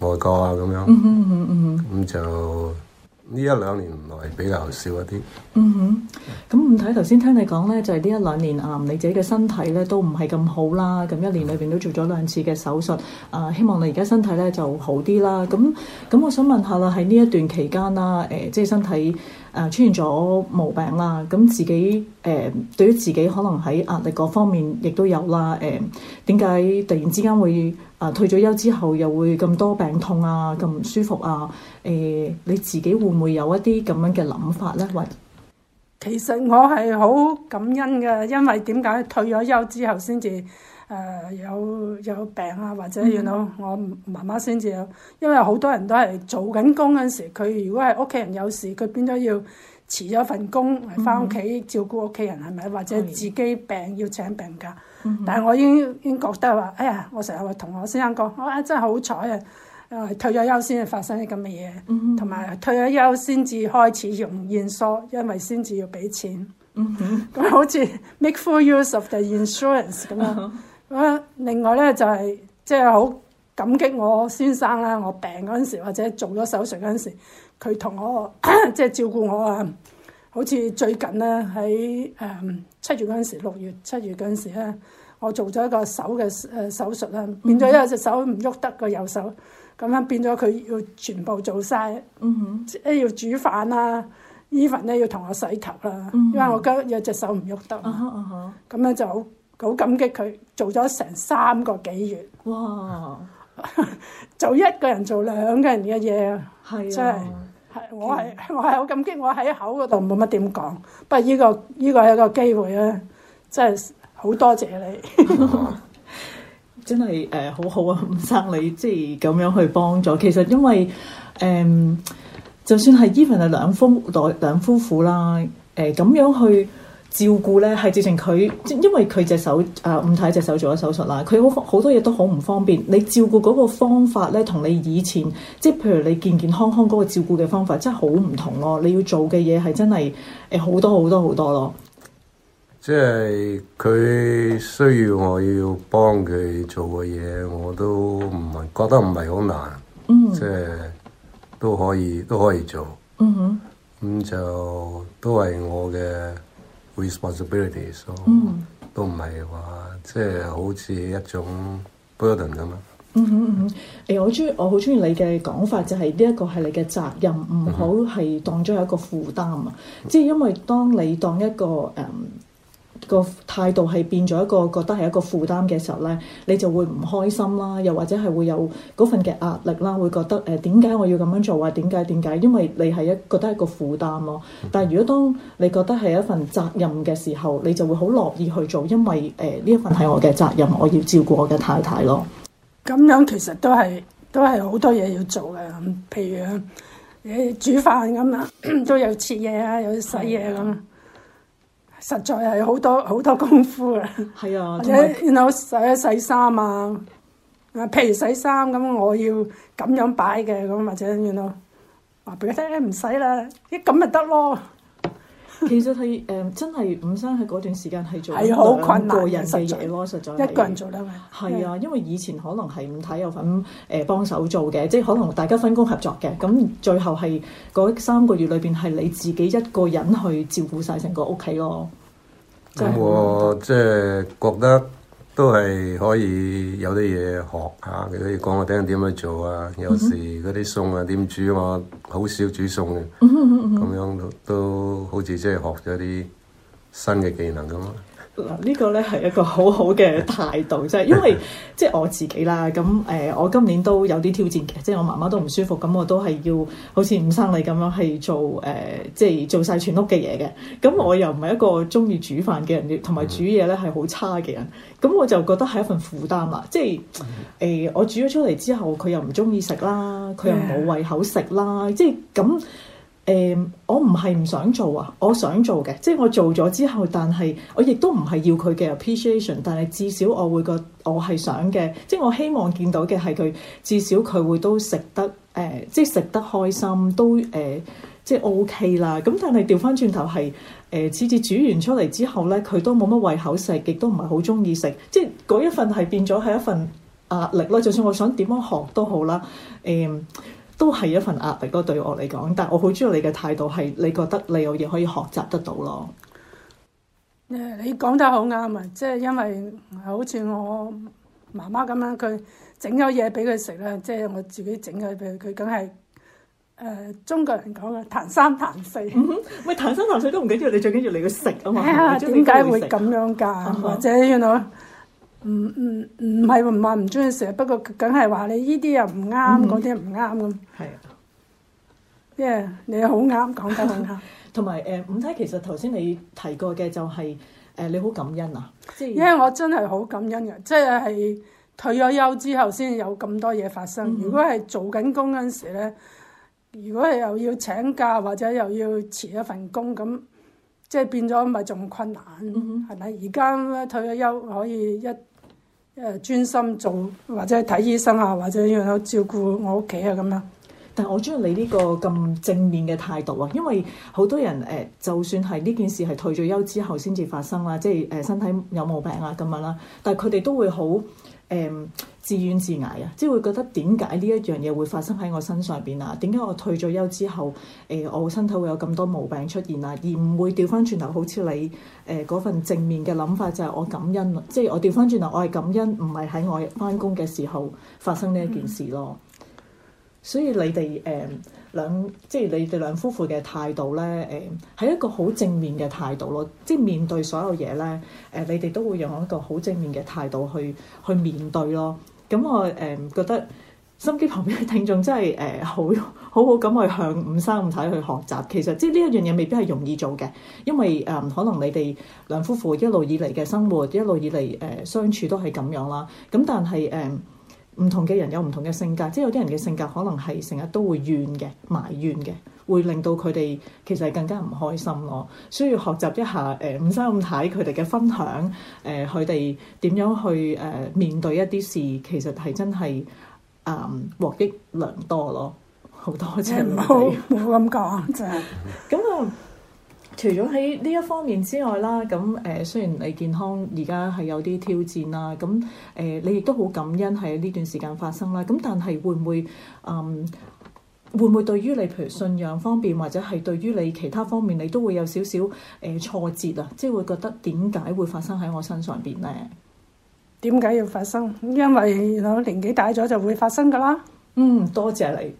外國啊咁樣，咁、mm hmm. mm hmm. 就。呢一兩年來比較少一啲。嗯哼，咁唔睇頭先聽你講咧，就係、是、呢一兩年啊，你自己嘅身體咧都唔係咁好啦。咁一年裏邊都做咗兩次嘅手術。啊、呃，希望你而家身體咧就好啲啦。咁咁，我想問下啦，喺呢一段期間啦，誒、呃，即係身體啊、呃、出現咗毛病啦。咁自己誒、呃，對於自己可能喺壓力嗰方面亦都有啦。誒、呃，點解突然之間會？啊！退咗休之後又會咁多病痛啊，咁唔舒服啊！誒、欸，你自己會唔會有一啲咁樣嘅諗法咧？喂，其實我係好感恩嘅，因為點解退咗休之後先至誒有有病啊，或者原來、mm hmm. you know, 我媽媽先至，因為好多人都係做緊工嗰時，佢如果係屋企人有事，佢變咗要辭咗份工嚟返屋企照顧屋企人，係咪、mm hmm.？或者自己病要請病假？嗯、但係我已經覺得話，哎呀，我成日同我先生講，我真係好彩啊！誒，退咗休先至發生啲咁嘅嘢，同埋、嗯、哼退咗休先至開始用現疏，因為先至要俾錢。咁、嗯、哼好似 make full use of the insurance 咁啊、嗯哼！另外咧就係即係好感激我先生啦，我病嗰陣時或者做咗手術嗰陣時，佢同我即係、 就是、照顧我啊！好似最近咧喺誒七月嗰陣時，六月七月嗰陣時咧，我做咗一個手嘅誒手術啦，變咗有一隻手唔喐得個右手，咁樣變咗佢要全部做晒，即係、嗯、哼要煮飯啦，even 咧要同我洗頭啦，嗯、哼因為我家有隻手唔喐得，咁、嗯嗯、樣就好好感激佢做咗成三個幾月，哇！就 一個人做兩個人嘅嘢啊，真係、就係。我係我係好感激，我喺口度冇乜點講，不過依個依、依個係一個機會啊！真係好多謝你， 真係誒、呃、好好啊，吳生你即係咁樣去幫助。其實因為誒、呃，就算係 even 係兩夫代兩夫婦啦，誒、呃、咁樣去。照顧咧係造成佢，即因為佢隻手，誒、呃、唔太隻手做咗手術啦。佢好好多嘢都好唔方便。你照顧嗰個方法咧，同你以前即係譬如你健健康康嗰個照顧嘅方法，真係好唔同咯、哦。你要做嘅嘢係真係誒好多好多好多咯。即係佢需要我要幫佢做嘅嘢，我都唔係覺得唔係好難。嗯、即係都可以都可以做。嗯哼，咁就都係我嘅。responsibilities，so 嗯、都唔係話即係好似一種 burden 咁啊、嗯。嗯嗯，我中意，我好中意你嘅講法，就係呢一個係你嘅責任，唔好係當咗係一個負擔啊。即係因為當你當一個誒。嗯個態度係變咗一個覺得係一個負擔嘅時候咧，你就會唔開心啦，又或者係會有嗰份嘅壓力啦，會覺得誒點解我要咁樣做啊？點解點解？因為你係一覺得一個負擔咯。但係如果當你覺得係一份責任嘅時候，你就會好樂意去做，因為誒呢一份係我嘅責任，我要照顧我嘅太太咯。咁樣其實都係都係好多嘢要做嘅，譬如煮飯咁啦，都有切嘢啊，有洗嘢咁。實在係好多好多功夫啊！係呀！或者然後 you know, 洗一洗衫啊，譬如洗衫咁，我要咁樣擺嘅咁，或者然後話畀佢聽，唔使啦，依咁咪得咯。 其實係誒、嗯、真係伍生喺嗰段時間係做係好困難嘅嘢咯，實在一個人做得㗎。係啊是，的因為以前可能係唔睇有份誒幫、呃、手做嘅，即係可能大家分工合作嘅。咁最後係嗰三個月裏邊係你自己一個人去照顧晒成個屋企咯。即我即係覺得。都係可以有啲嘢學下，你可以講我聽點樣做啊！有時嗰啲餸啊點煮，我好少煮餸嘅，咁樣都，都好似即係學咗啲新嘅技能咁咯。嗱，呢個咧係一個好好嘅態度，即係因為即係我自己啦。咁誒、呃，我今年都有啲挑戰嘅，即係我媽媽都唔舒服，咁我都係要好似伍生你咁樣係做誒、呃，即係做晒全屋嘅嘢嘅。咁我又唔係一個中意煮飯嘅人，同埋煮嘢咧係好差嘅人。咁我就覺得係一份負擔啦。即係誒、呃，我煮咗出嚟之後，佢又唔中意食啦，佢又冇胃口食啦。即係咁。誒，um, 我唔係唔想做啊，我想做嘅，即係我做咗之後，但係我亦都唔係要佢嘅 appreciation，但係至少我會覺我係想嘅，即係我希望見到嘅係佢，至少佢會都食得誒、呃，即係食得開心，都誒、呃、即係 OK 啦。咁但係調翻轉頭係誒，次次煮完出嚟之後咧，佢都冇乜胃口食，亦都唔係好中意食，即係嗰一份係變咗係一份壓力咯。就算我想點樣學都好啦，誒、呃。都係一份壓力咯，對我嚟講。但係我好中意你嘅態度，係你覺得你有嘢可以學習得到咯。Yeah, 你講得好啱啊！即係因為好似我媽媽咁樣，佢整咗嘢俾佢食咧，即係我自己整咗俾佢，佢梗係誒中國人講嘅彈三彈四。 嗯哼，喂，彈三彈四都唔緊要，你最緊要嚟佢食啊嘛。點解會咁樣㗎？ 或者原來，You know, 唔唔唔係話唔中意食，不過梗係話你呢啲又唔啱，嗰啲唔啱咁。係啊，即係、yeah, 你好啱講得好啱。同埋誒，五太其實頭先你提過嘅就係、是、誒，你好感恩啊，即係、就是 yeah, 我真係好感恩嘅，即係係退咗休之後先有咁多嘢發生。嗯嗯如果係做緊工嗰陣時咧，如果係又要請假或者又要辭一份工咁，即係變咗咪仲困難，係咪、嗯嗯？而家退咗休可以一。誒，專心做或者睇醫生啊，或者要照顧這這、呃、有照顧我屋企啊咁樣。但係我中意你呢個咁正面嘅態度啊，因為好多人誒，就算係呢件事係退咗休之後先至發生啦，即係誒身體有毛病啊咁樣啦，但係佢哋都會好誒。呃自怨自艾啊，即係會覺得點解呢一樣嘢會發生喺我身上邊啊？點解我退咗休之後，誒、呃，我身體會有咁多毛病出現啊？而唔會調翻轉頭，好似你誒嗰、呃、份正面嘅諗法，就係我感恩。即係我調翻轉頭，我係感恩，唔係喺我翻工嘅時候發生呢一件事咯。所以你哋誒兩，即係你哋兩夫婦嘅態度咧，誒、呃，係一個好正面嘅態度咯。即係面對所有嘢咧，誒、呃，你哋都會用一個好正面嘅態度去去面對咯。咁我誒、嗯、覺得心機旁邊嘅聽眾真係誒、呃、好好好咁去向五三五睇去學習，其實即係呢一樣嘢未必係容易做嘅，因為誒、呃、可能你哋兩夫婦一路以嚟嘅生活，一路以嚟誒、呃、相處都係咁樣啦。咁、嗯、但係誒唔同嘅人有唔同嘅性格，即、就、係、是、有啲人嘅性格可能係成日都會怨嘅埋怨嘅。會令到佢哋其實更加唔開心咯，需要學習一下誒五叔五太佢哋嘅分享，誒佢哋點樣去誒、呃、面對一啲事，其實係真係啊獲益良多咯，好多謝冇唔好唔好咁講啫，咁啊，除咗喺呢一方面之外啦，咁誒、呃、雖然你健康而家係有啲挑戰啦，咁誒、呃、你亦都好感恩喺呢段時間發生啦，咁但係會唔會嗯？呃會唔會對於你譬如信仰方面，或者係對於你其他方面，你都會有少少誒挫折啊？即係會覺得點解會發生喺我身上邊呢？點解要發生？因為我年紀大咗就會發生噶啦。嗯，多謝你。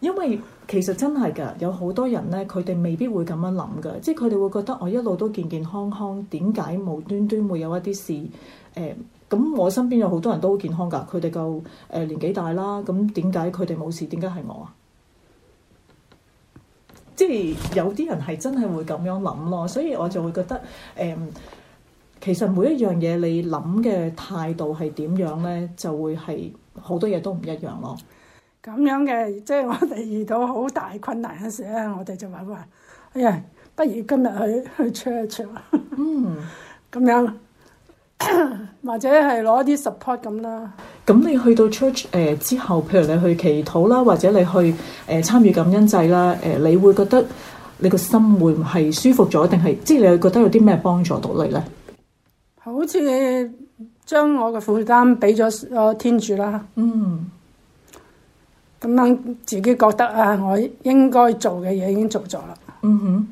因為其實真係嘅，有好多人呢，佢哋未必會咁樣諗嘅，即係佢哋會覺得我一路都健健康康，點解無端端會有一啲事？誒、呃，咁我身邊有好多人都好健康㗎，佢哋夠誒年紀大啦，咁點解佢哋冇事？點解係我啊？即係有啲人係真係會咁樣諗咯，所以我就會覺得誒、嗯，其實每一樣嘢你諗嘅態度係點樣咧，就會係好多嘢都唔一樣咯。咁樣嘅，即係我哋遇到好大困難嘅時候咧，我哋就話話，哎呀，不如今日去去 check 一 check。嗯，咁樣。或者係攞啲 support 咁啦。咁你去到 church 誒、呃、之後，譬如你去祈禱啦，或者你去誒、呃、參與感恩祭啦，誒、呃、你會覺得你個心會唔係舒服咗，定係即係你會覺得有啲咩幫助到你咧？好似你將我嘅負擔俾咗天主啦。嗯，咁樣自己覺得啊，我應該做嘅嘢，已經做咗啦。嗯哼。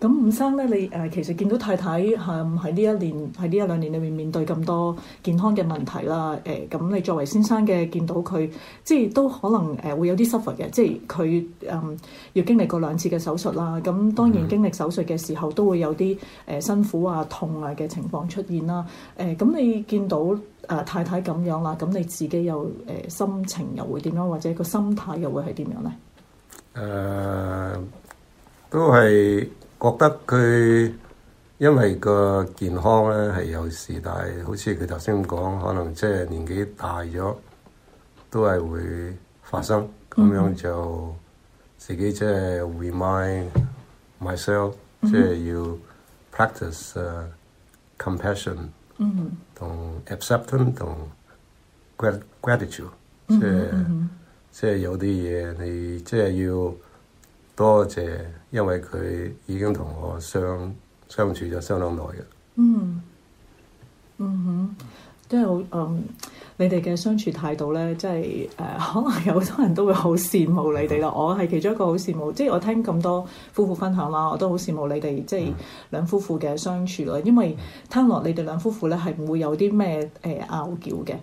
咁吳生咧，你誒、呃、其實見到太太係喺呢一年、喺呢一兩年裏面面對咁多健康嘅問題啦。誒、呃，咁你作為先生嘅，見到佢即係都可能誒、呃、會有啲 suffer 嘅，即係佢誒要經歷過兩次嘅手術啦。咁、嗯、當然經歷手術嘅時候都會有啲誒、呃、辛苦啊、痛啊嘅情況出現啦。誒、呃，咁你見到啊、呃、太太咁樣啦，咁、嗯、你自己又誒、呃、心情又會點樣，或者個心態又會係點樣咧？誒、呃，都係。覺得佢因為個健康咧係有時，但係好似佢頭先咁講，可能即係年紀大咗，都係會發生。咁樣就自己即係 remind myself，即係要 practice compassion，同 acceptance，同 gratitude。即係即係有啲嘢你即係要。多謝，因為佢已經同我相相處咗相當耐嘅。嗯，嗯哼，都係好，嗯，你哋嘅相處態度咧，即係誒，可能有好多人都會好羨慕你哋咯。嗯、我係其中一個好羨慕，即係我聽咁多夫婦分享啦，我都好羨慕你哋即係兩夫婦嘅相處啦。因為聽落你哋兩夫婦咧，係唔會有啲咩誒拗撬嘅。呃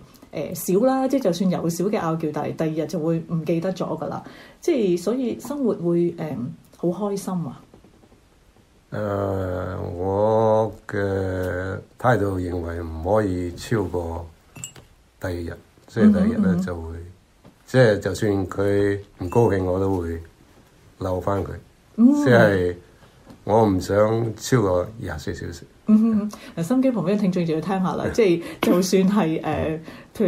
誒少啦，即係就算有少嘅拗撬，但係第二日就會唔記得咗噶啦，即係所以生活會誒好開心啊！誒，我嘅態度認為唔可以超過第二日，即係第二日咧就會，即係 就，就算佢唔高興，我都會嬲翻佢，即係。 就是我唔想超過廿四小時。嗯哼，哼，心機旁邊嘅聽眾就要聽下啦，嗯、即係就算係誒、呃，譬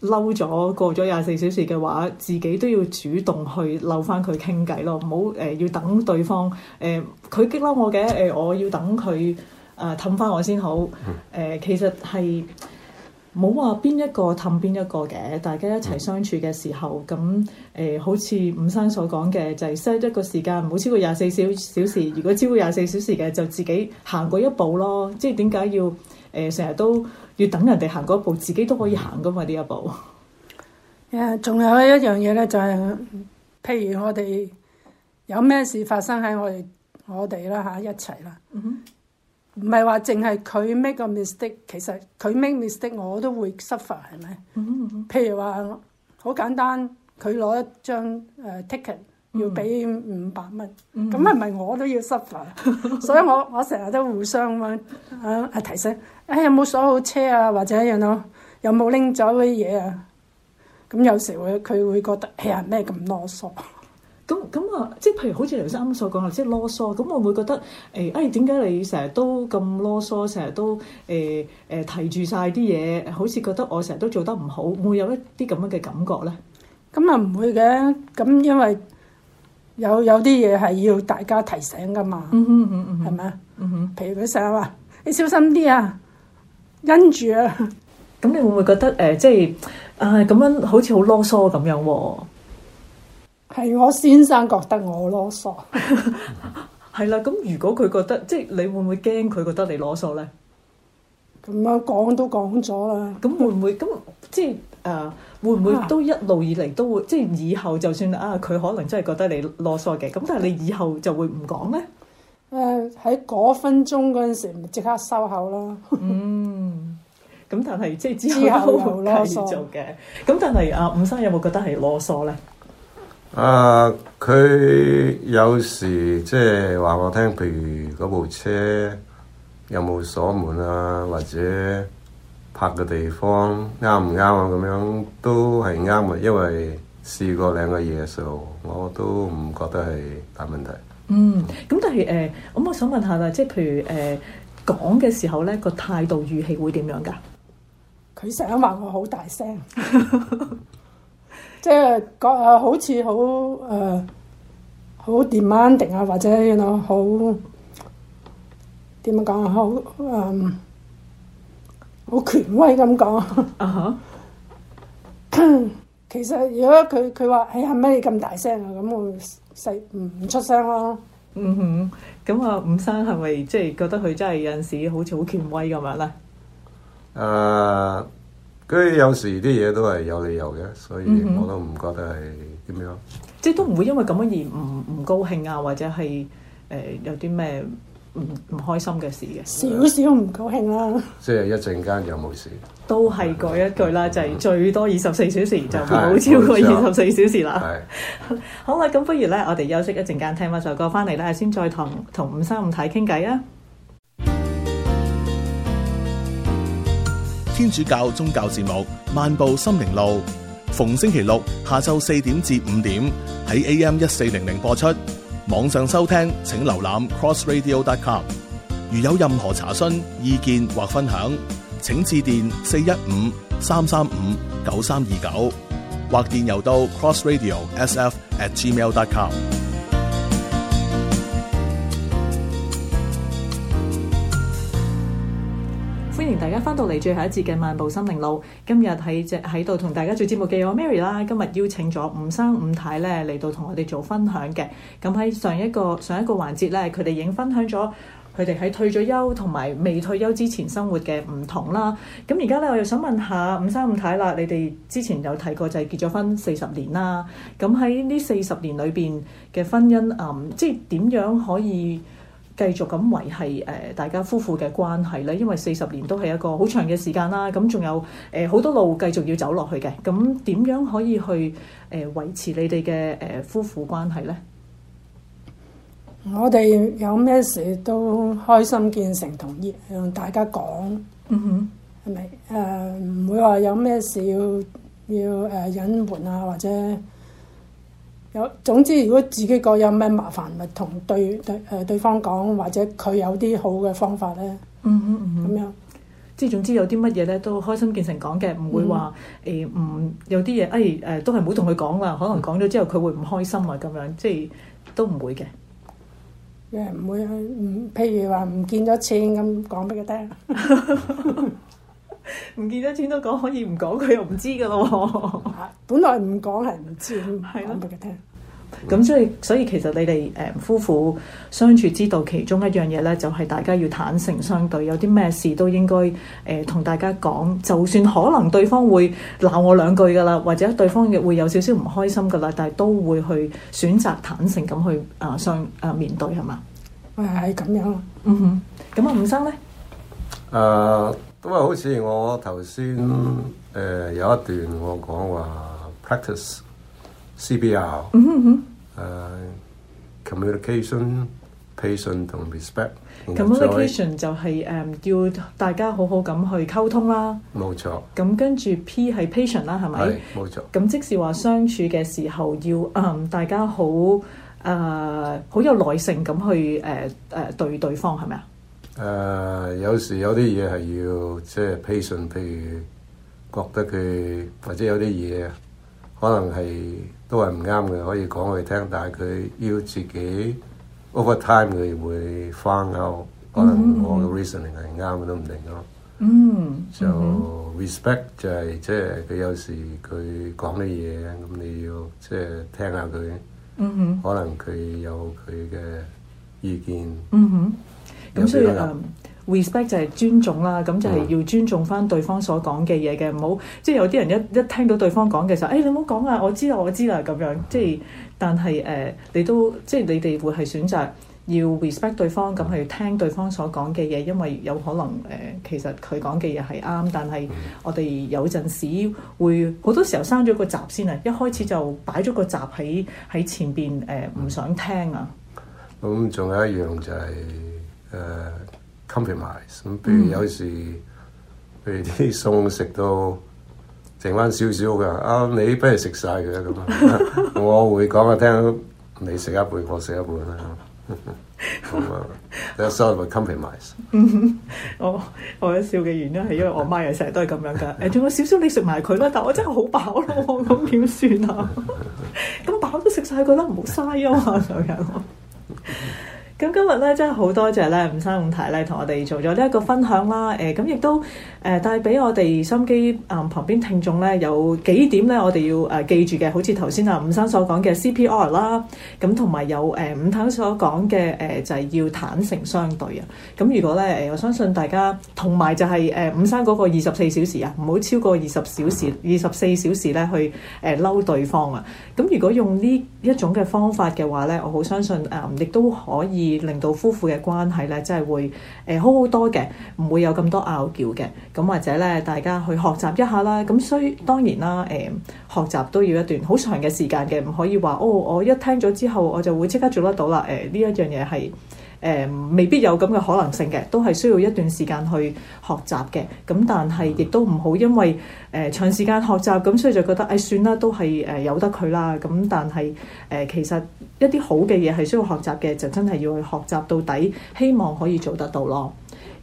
如嬲咗過咗廿四小時嘅話，自己都要主動去嬲翻佢傾偈咯，唔好誒要等對方誒佢、呃、激嬲我嘅誒、呃，我要等佢啊氹翻我先好。誒、嗯呃，其實係。冇話邊一個氹邊一個嘅，大家一齊相處嘅時候，咁誒、呃、好似伍生所講嘅，就 set、係、一個時間，唔好超過廿四小小時。如果超過廿四小時嘅，就自己行過一步咯。即係點解要誒成日都要等人哋行過一步，自己都可以行噶嘛？呢一步誒，仲、yeah, 有一樣嘢咧，就係譬如我哋有咩事發生喺我哋我哋啦嚇一齊啦。Mm hmm. 唔係話淨係佢 make 個 mistake，其實佢 make mistake 我都會 suffer 係咪？Mm hmm. 譬如話好簡單，佢攞一張誒、呃、ticket 要俾五百蚊，咁係咪我都要 suffer？ 所以我我成日都互相問啊，提醒啊、哎，有冇鎖好車啊，或者樣咯，you know, 有冇拎走啲嘢啊？咁有時會佢會覺得哎呀，咩咁囉嗦。咁咁啊，即係譬如好似梁生啱啱所講啊，即係囉嗦，咁我會唔會覺得誒誒點解你成日都咁囉嗦，成日都誒誒、欸呃、提住晒啲嘢，好似覺得我成日都做得唔好，會,會有一啲咁樣嘅感覺咧？咁啊唔會嘅，咁因為有有啲嘢係要大家提醒噶嘛，係咪啊？譬如佢成日話你小心啲啊，跟住啊，咁、嗯、你會唔會覺得誒、呃、即係啊咁樣好似好囉嗦咁樣喎、啊？係我先生覺得我囉嗦，係啦。 咁如果佢覺得，即係你會唔會驚佢覺得你囉嗦咧？唔、嗯、啊，咁樣講都講咗啦。咁會唔會咁即係誒？會唔會都一路以嚟都會？即係以後就算啊，佢可能真係覺得你囉嗦嘅，咁但係你以後就會唔講咧？誒、呃，喺嗰分鐘嗰陣時，即刻收口啦。嗯。咁但係即係之後會繼續嘅。咁但係啊，五生有冇覺得係囉嗦咧？啊！佢、uh, 有時即係話我聽，譬如嗰部車有冇鎖門啊，或者拍嘅地方啱唔啱啊，咁樣都係啱嘅，因為試過兩個嘢嘅時候，我都唔覺得係大問題。嗯，咁但係誒，咁、呃、我想問下啦，即係譬如誒、呃、講嘅時候咧，個態度語氣會點樣㗎？佢成日話我好大聲。 即係講啊，覺好似好誒，好、呃、demanding 啊，或者好點樣講好誒，好 you know,、嗯、權威咁講。啊、uh huh. 其實如果佢佢話，哎呀，乜、欸、你咁大聲啊？咁我咪唔唔出聲咯。嗯哼、uh，咁啊，吳生係咪即係覺得佢真係有陣時好似好權威咁樣咧？誒、uh。佢有時啲嘢都係有理由嘅，所以我都唔覺得係點樣。嗯嗯即係都唔會因為咁樣而唔唔高興啊，或者係誒、呃、有啲咩唔唔開心嘅事嘅。嗯、少少唔高興啦，啊。即係一陣間又冇事。都係嗰一句啦，嗯嗯就係最多二十四小時就唔好超過二十四小時啦。係。好啦，咁不如咧，我哋休息一陣間，聽翻首歌翻嚟啦，先再同同五三五太傾偈啊。天主教宗教節目《漫步心靈路》，逢星期六下晝四點至五點喺 AM 一四零零播出。網上收聽請瀏覽 crossradio.com。如有任何查詢、意見或分享，請致電四一五三三五九三二九，或電郵到 crossradio_sf@gmail.com。歡迎大家翻到嚟最後一節嘅漫步心靈路。今日喺只喺度同大家做節目嘅我的 Mary 啦，今日邀請咗五生五太咧嚟到同我哋做分享嘅。咁喺上一個上一個環節咧，佢哋已經分享咗佢哋喺退咗休同埋未退休之前生活嘅唔同啦。咁而家咧，我又想問下五生五太啦，你哋之前有提過就係結咗婚四十年啦。咁喺呢四十年裏邊嘅婚姻，嗯，即係點樣可以？繼續咁維係誒大家夫婦嘅關係咧，因為四十年都係一個好長嘅時間啦。咁仲有誒好多路繼續要走落去嘅。咁點樣可以去誒維持你哋嘅誒夫婦關係咧？我哋有咩事都開心見誠、同意，同大家講。嗯哼，係咪？誒、uh, 唔會話有咩事要要誒隱、uh, 瞞啊，或者？有，總之如果自己覺有咩麻煩，咪同對對誒、呃、對方講，或者佢有啲好嘅方法咧、嗯。嗯嗯樣嗯，咁、欸哎呃、樣，即係總之有啲乜嘢咧，都開心見誠講嘅，唔會話誒唔有啲嘢誒誒，都係唔好同佢講啦。可能講咗之後，佢會唔開心啊咁樣，即係都唔會嘅。誒唔會去，唔譬如話唔見咗錢咁講俾佢聽。 唔見得，錢都講，可以唔講，佢又唔知噶咯。本來唔講係唔知，係咯 的。咁所以所以其實你哋，誒、呃、夫婦相處之道，其中一樣嘢咧，就係、是、大家要坦誠相對，有啲咩事都應該誒同大家講，就算可能對方會鬧我兩句噶啦，或者對方亦會有少少唔開心噶啦，但係都會去選擇坦誠咁去誒、呃、相誒、呃、面對，係嘛？誒係咁樣啦。嗯哼，咁阿吳生咧誒。Uh 因為，嗯、好似我頭先誒有一段我講話 practice C B R，誒、嗯 uh, communication patient 同 respect。Communication 就係、是、誒、um, 叫大家好好咁去溝通啦。冇錯錯。咁跟住 P 係 patient 啦，係咪？冇錯。咁即使話相處嘅時候要嗯、um, 大家好誒好有耐性咁去誒誒、uh, uh, 對對方係咪啊？誒、uh, 有時有啲嘢係要即係批評，譬、就是、如覺得佢或者有啲嘢可能係都係唔啱嘅，可以講佢聽。但係佢要自己 over time，佢會 find out，可能我嘅 reasoning 係啱嘅都唔定咯。嗯、mm，hmm. 就 respect 就係即係佢有時佢講啲嘢，咁你要即係、就是、聽下佢。Mm hmm. 可能佢有佢嘅意見。嗯哼、mm。Hmm. 咁、嗯、所以 respect 就係尊重啦。咁就係要尊重翻對方所講嘅嘢嘅，唔好即係有啲人一一聽到對方講嘅時候，誒、欸、你唔好講啊，我知啦，我知啦咁樣。即係但係誒、呃，你都即係你哋會係選擇要 respect 對方，咁去聽對方所講嘅嘢，因為有可能誒、呃、其實佢講嘅嘢係啱，但係我哋有陣時會好多時候生咗個閘先啊，一開始就擺咗個閘喺喺前邊誒，唔、呃、想聽啊。咁仲、嗯、有一樣就係、是。誒、uh, compromise 咁，譬如有時譬、mm. 如啲餸食到剩翻少少嘅，啊你不如食晒佢，咁我會講啊，聽你食一半，我食一半啦，咁 啊那，呢個所謂 compromise、mm hmm. 我。我我一笑嘅原因係因為我媽又成日都係咁樣噶，誒仲 有少少你食埋佢啦，但我真係好飽咯，咁點算啊？咁 飽都食晒佢啦，唔好嘥啊嘛，上日我。咁今日咧真係好多謝咧吳生吳太咧同我哋做咗呢一個分享啦，誒、呃、咁亦都。誒帶俾我哋心機，旁邊聽眾咧，有幾點咧我哋要誒、呃、記住嘅，好似頭先啊伍生所講嘅 CPR 啦，咁同埋有誒伍生所講嘅誒就係、是、要坦誠相對啊。咁如果咧誒、呃、我相信大家同埋就係誒伍生嗰個二十四小時啊，唔好超過二十小時、二十四小時咧去誒嬲、呃、對方啊。咁如果用呢一種嘅方法嘅話咧，我好相信誒、呃、亦都可以令到夫婦嘅關係咧真係會誒、呃、好好多嘅，唔會有咁多拗撬嘅。咁或者咧，大家去學習一下啦。咁所當然啦，誒、呃、學習都要一段好長嘅時間嘅，唔可以話哦，我一聽咗之後我就會即刻做得到啦。誒呢一樣嘢係誒未必有咁嘅可能性嘅，都係需要一段時間去學習嘅。咁但係亦都唔好因為誒、呃、長時間學習，咁所以就覺得誒、哎、算啦，都係誒由得佢啦。咁但係誒其實一啲好嘅嘢係需要學習嘅，就真係要去學習到底，希望可以做得到咯。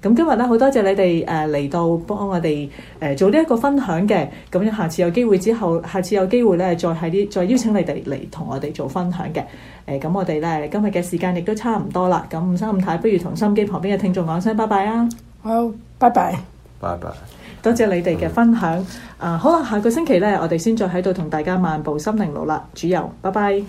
咁今日咧好多謝你哋誒嚟，到幫我哋誒、呃、做呢一個分享嘅。咁樣下次有機會之後，下次有機會咧再喺啲再邀請你哋嚟同我哋做分享嘅。誒、呃，咁我哋咧今日嘅時間亦都差唔多啦，咁吳生吳太不如同心機旁邊嘅聽眾講聲拜拜、mm hmm. 啊！好，拜拜，拜拜，多謝你哋嘅分享。啊，好啦，下個星期咧，我哋先再喺度同大家漫步心靈路啦，主游，拜拜。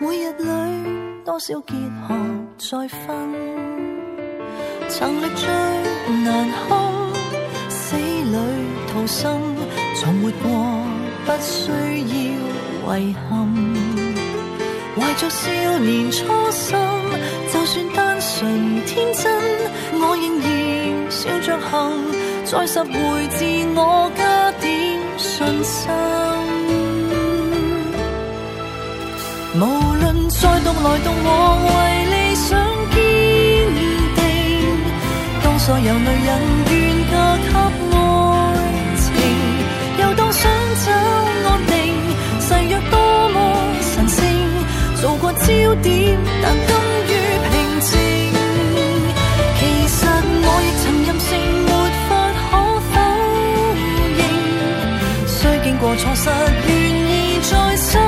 每日裏多少結合再分，曾歷最難堪，死裏逃生，重活過不需要遺憾。懷着少年初心，就算單純天真，我仍然笑着行，再拾回自我加點信心。無論再獨來獨往，為理想堅定。當所有女人願嫁給愛情，又當想找安定。誓約多麼神聖，做過焦點，但甘於平靜。其實我亦曾任性，沒法可否認。雖經過錯失，願意再生。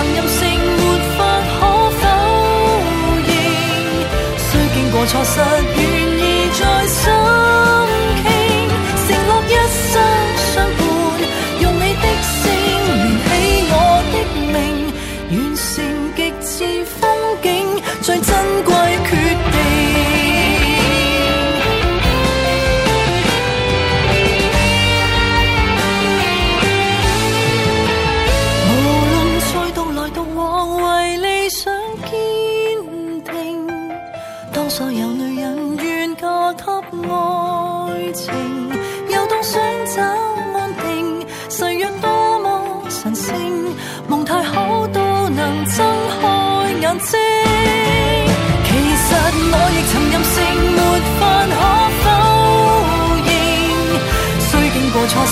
曾任性，沒法可否認，雖經過錯失。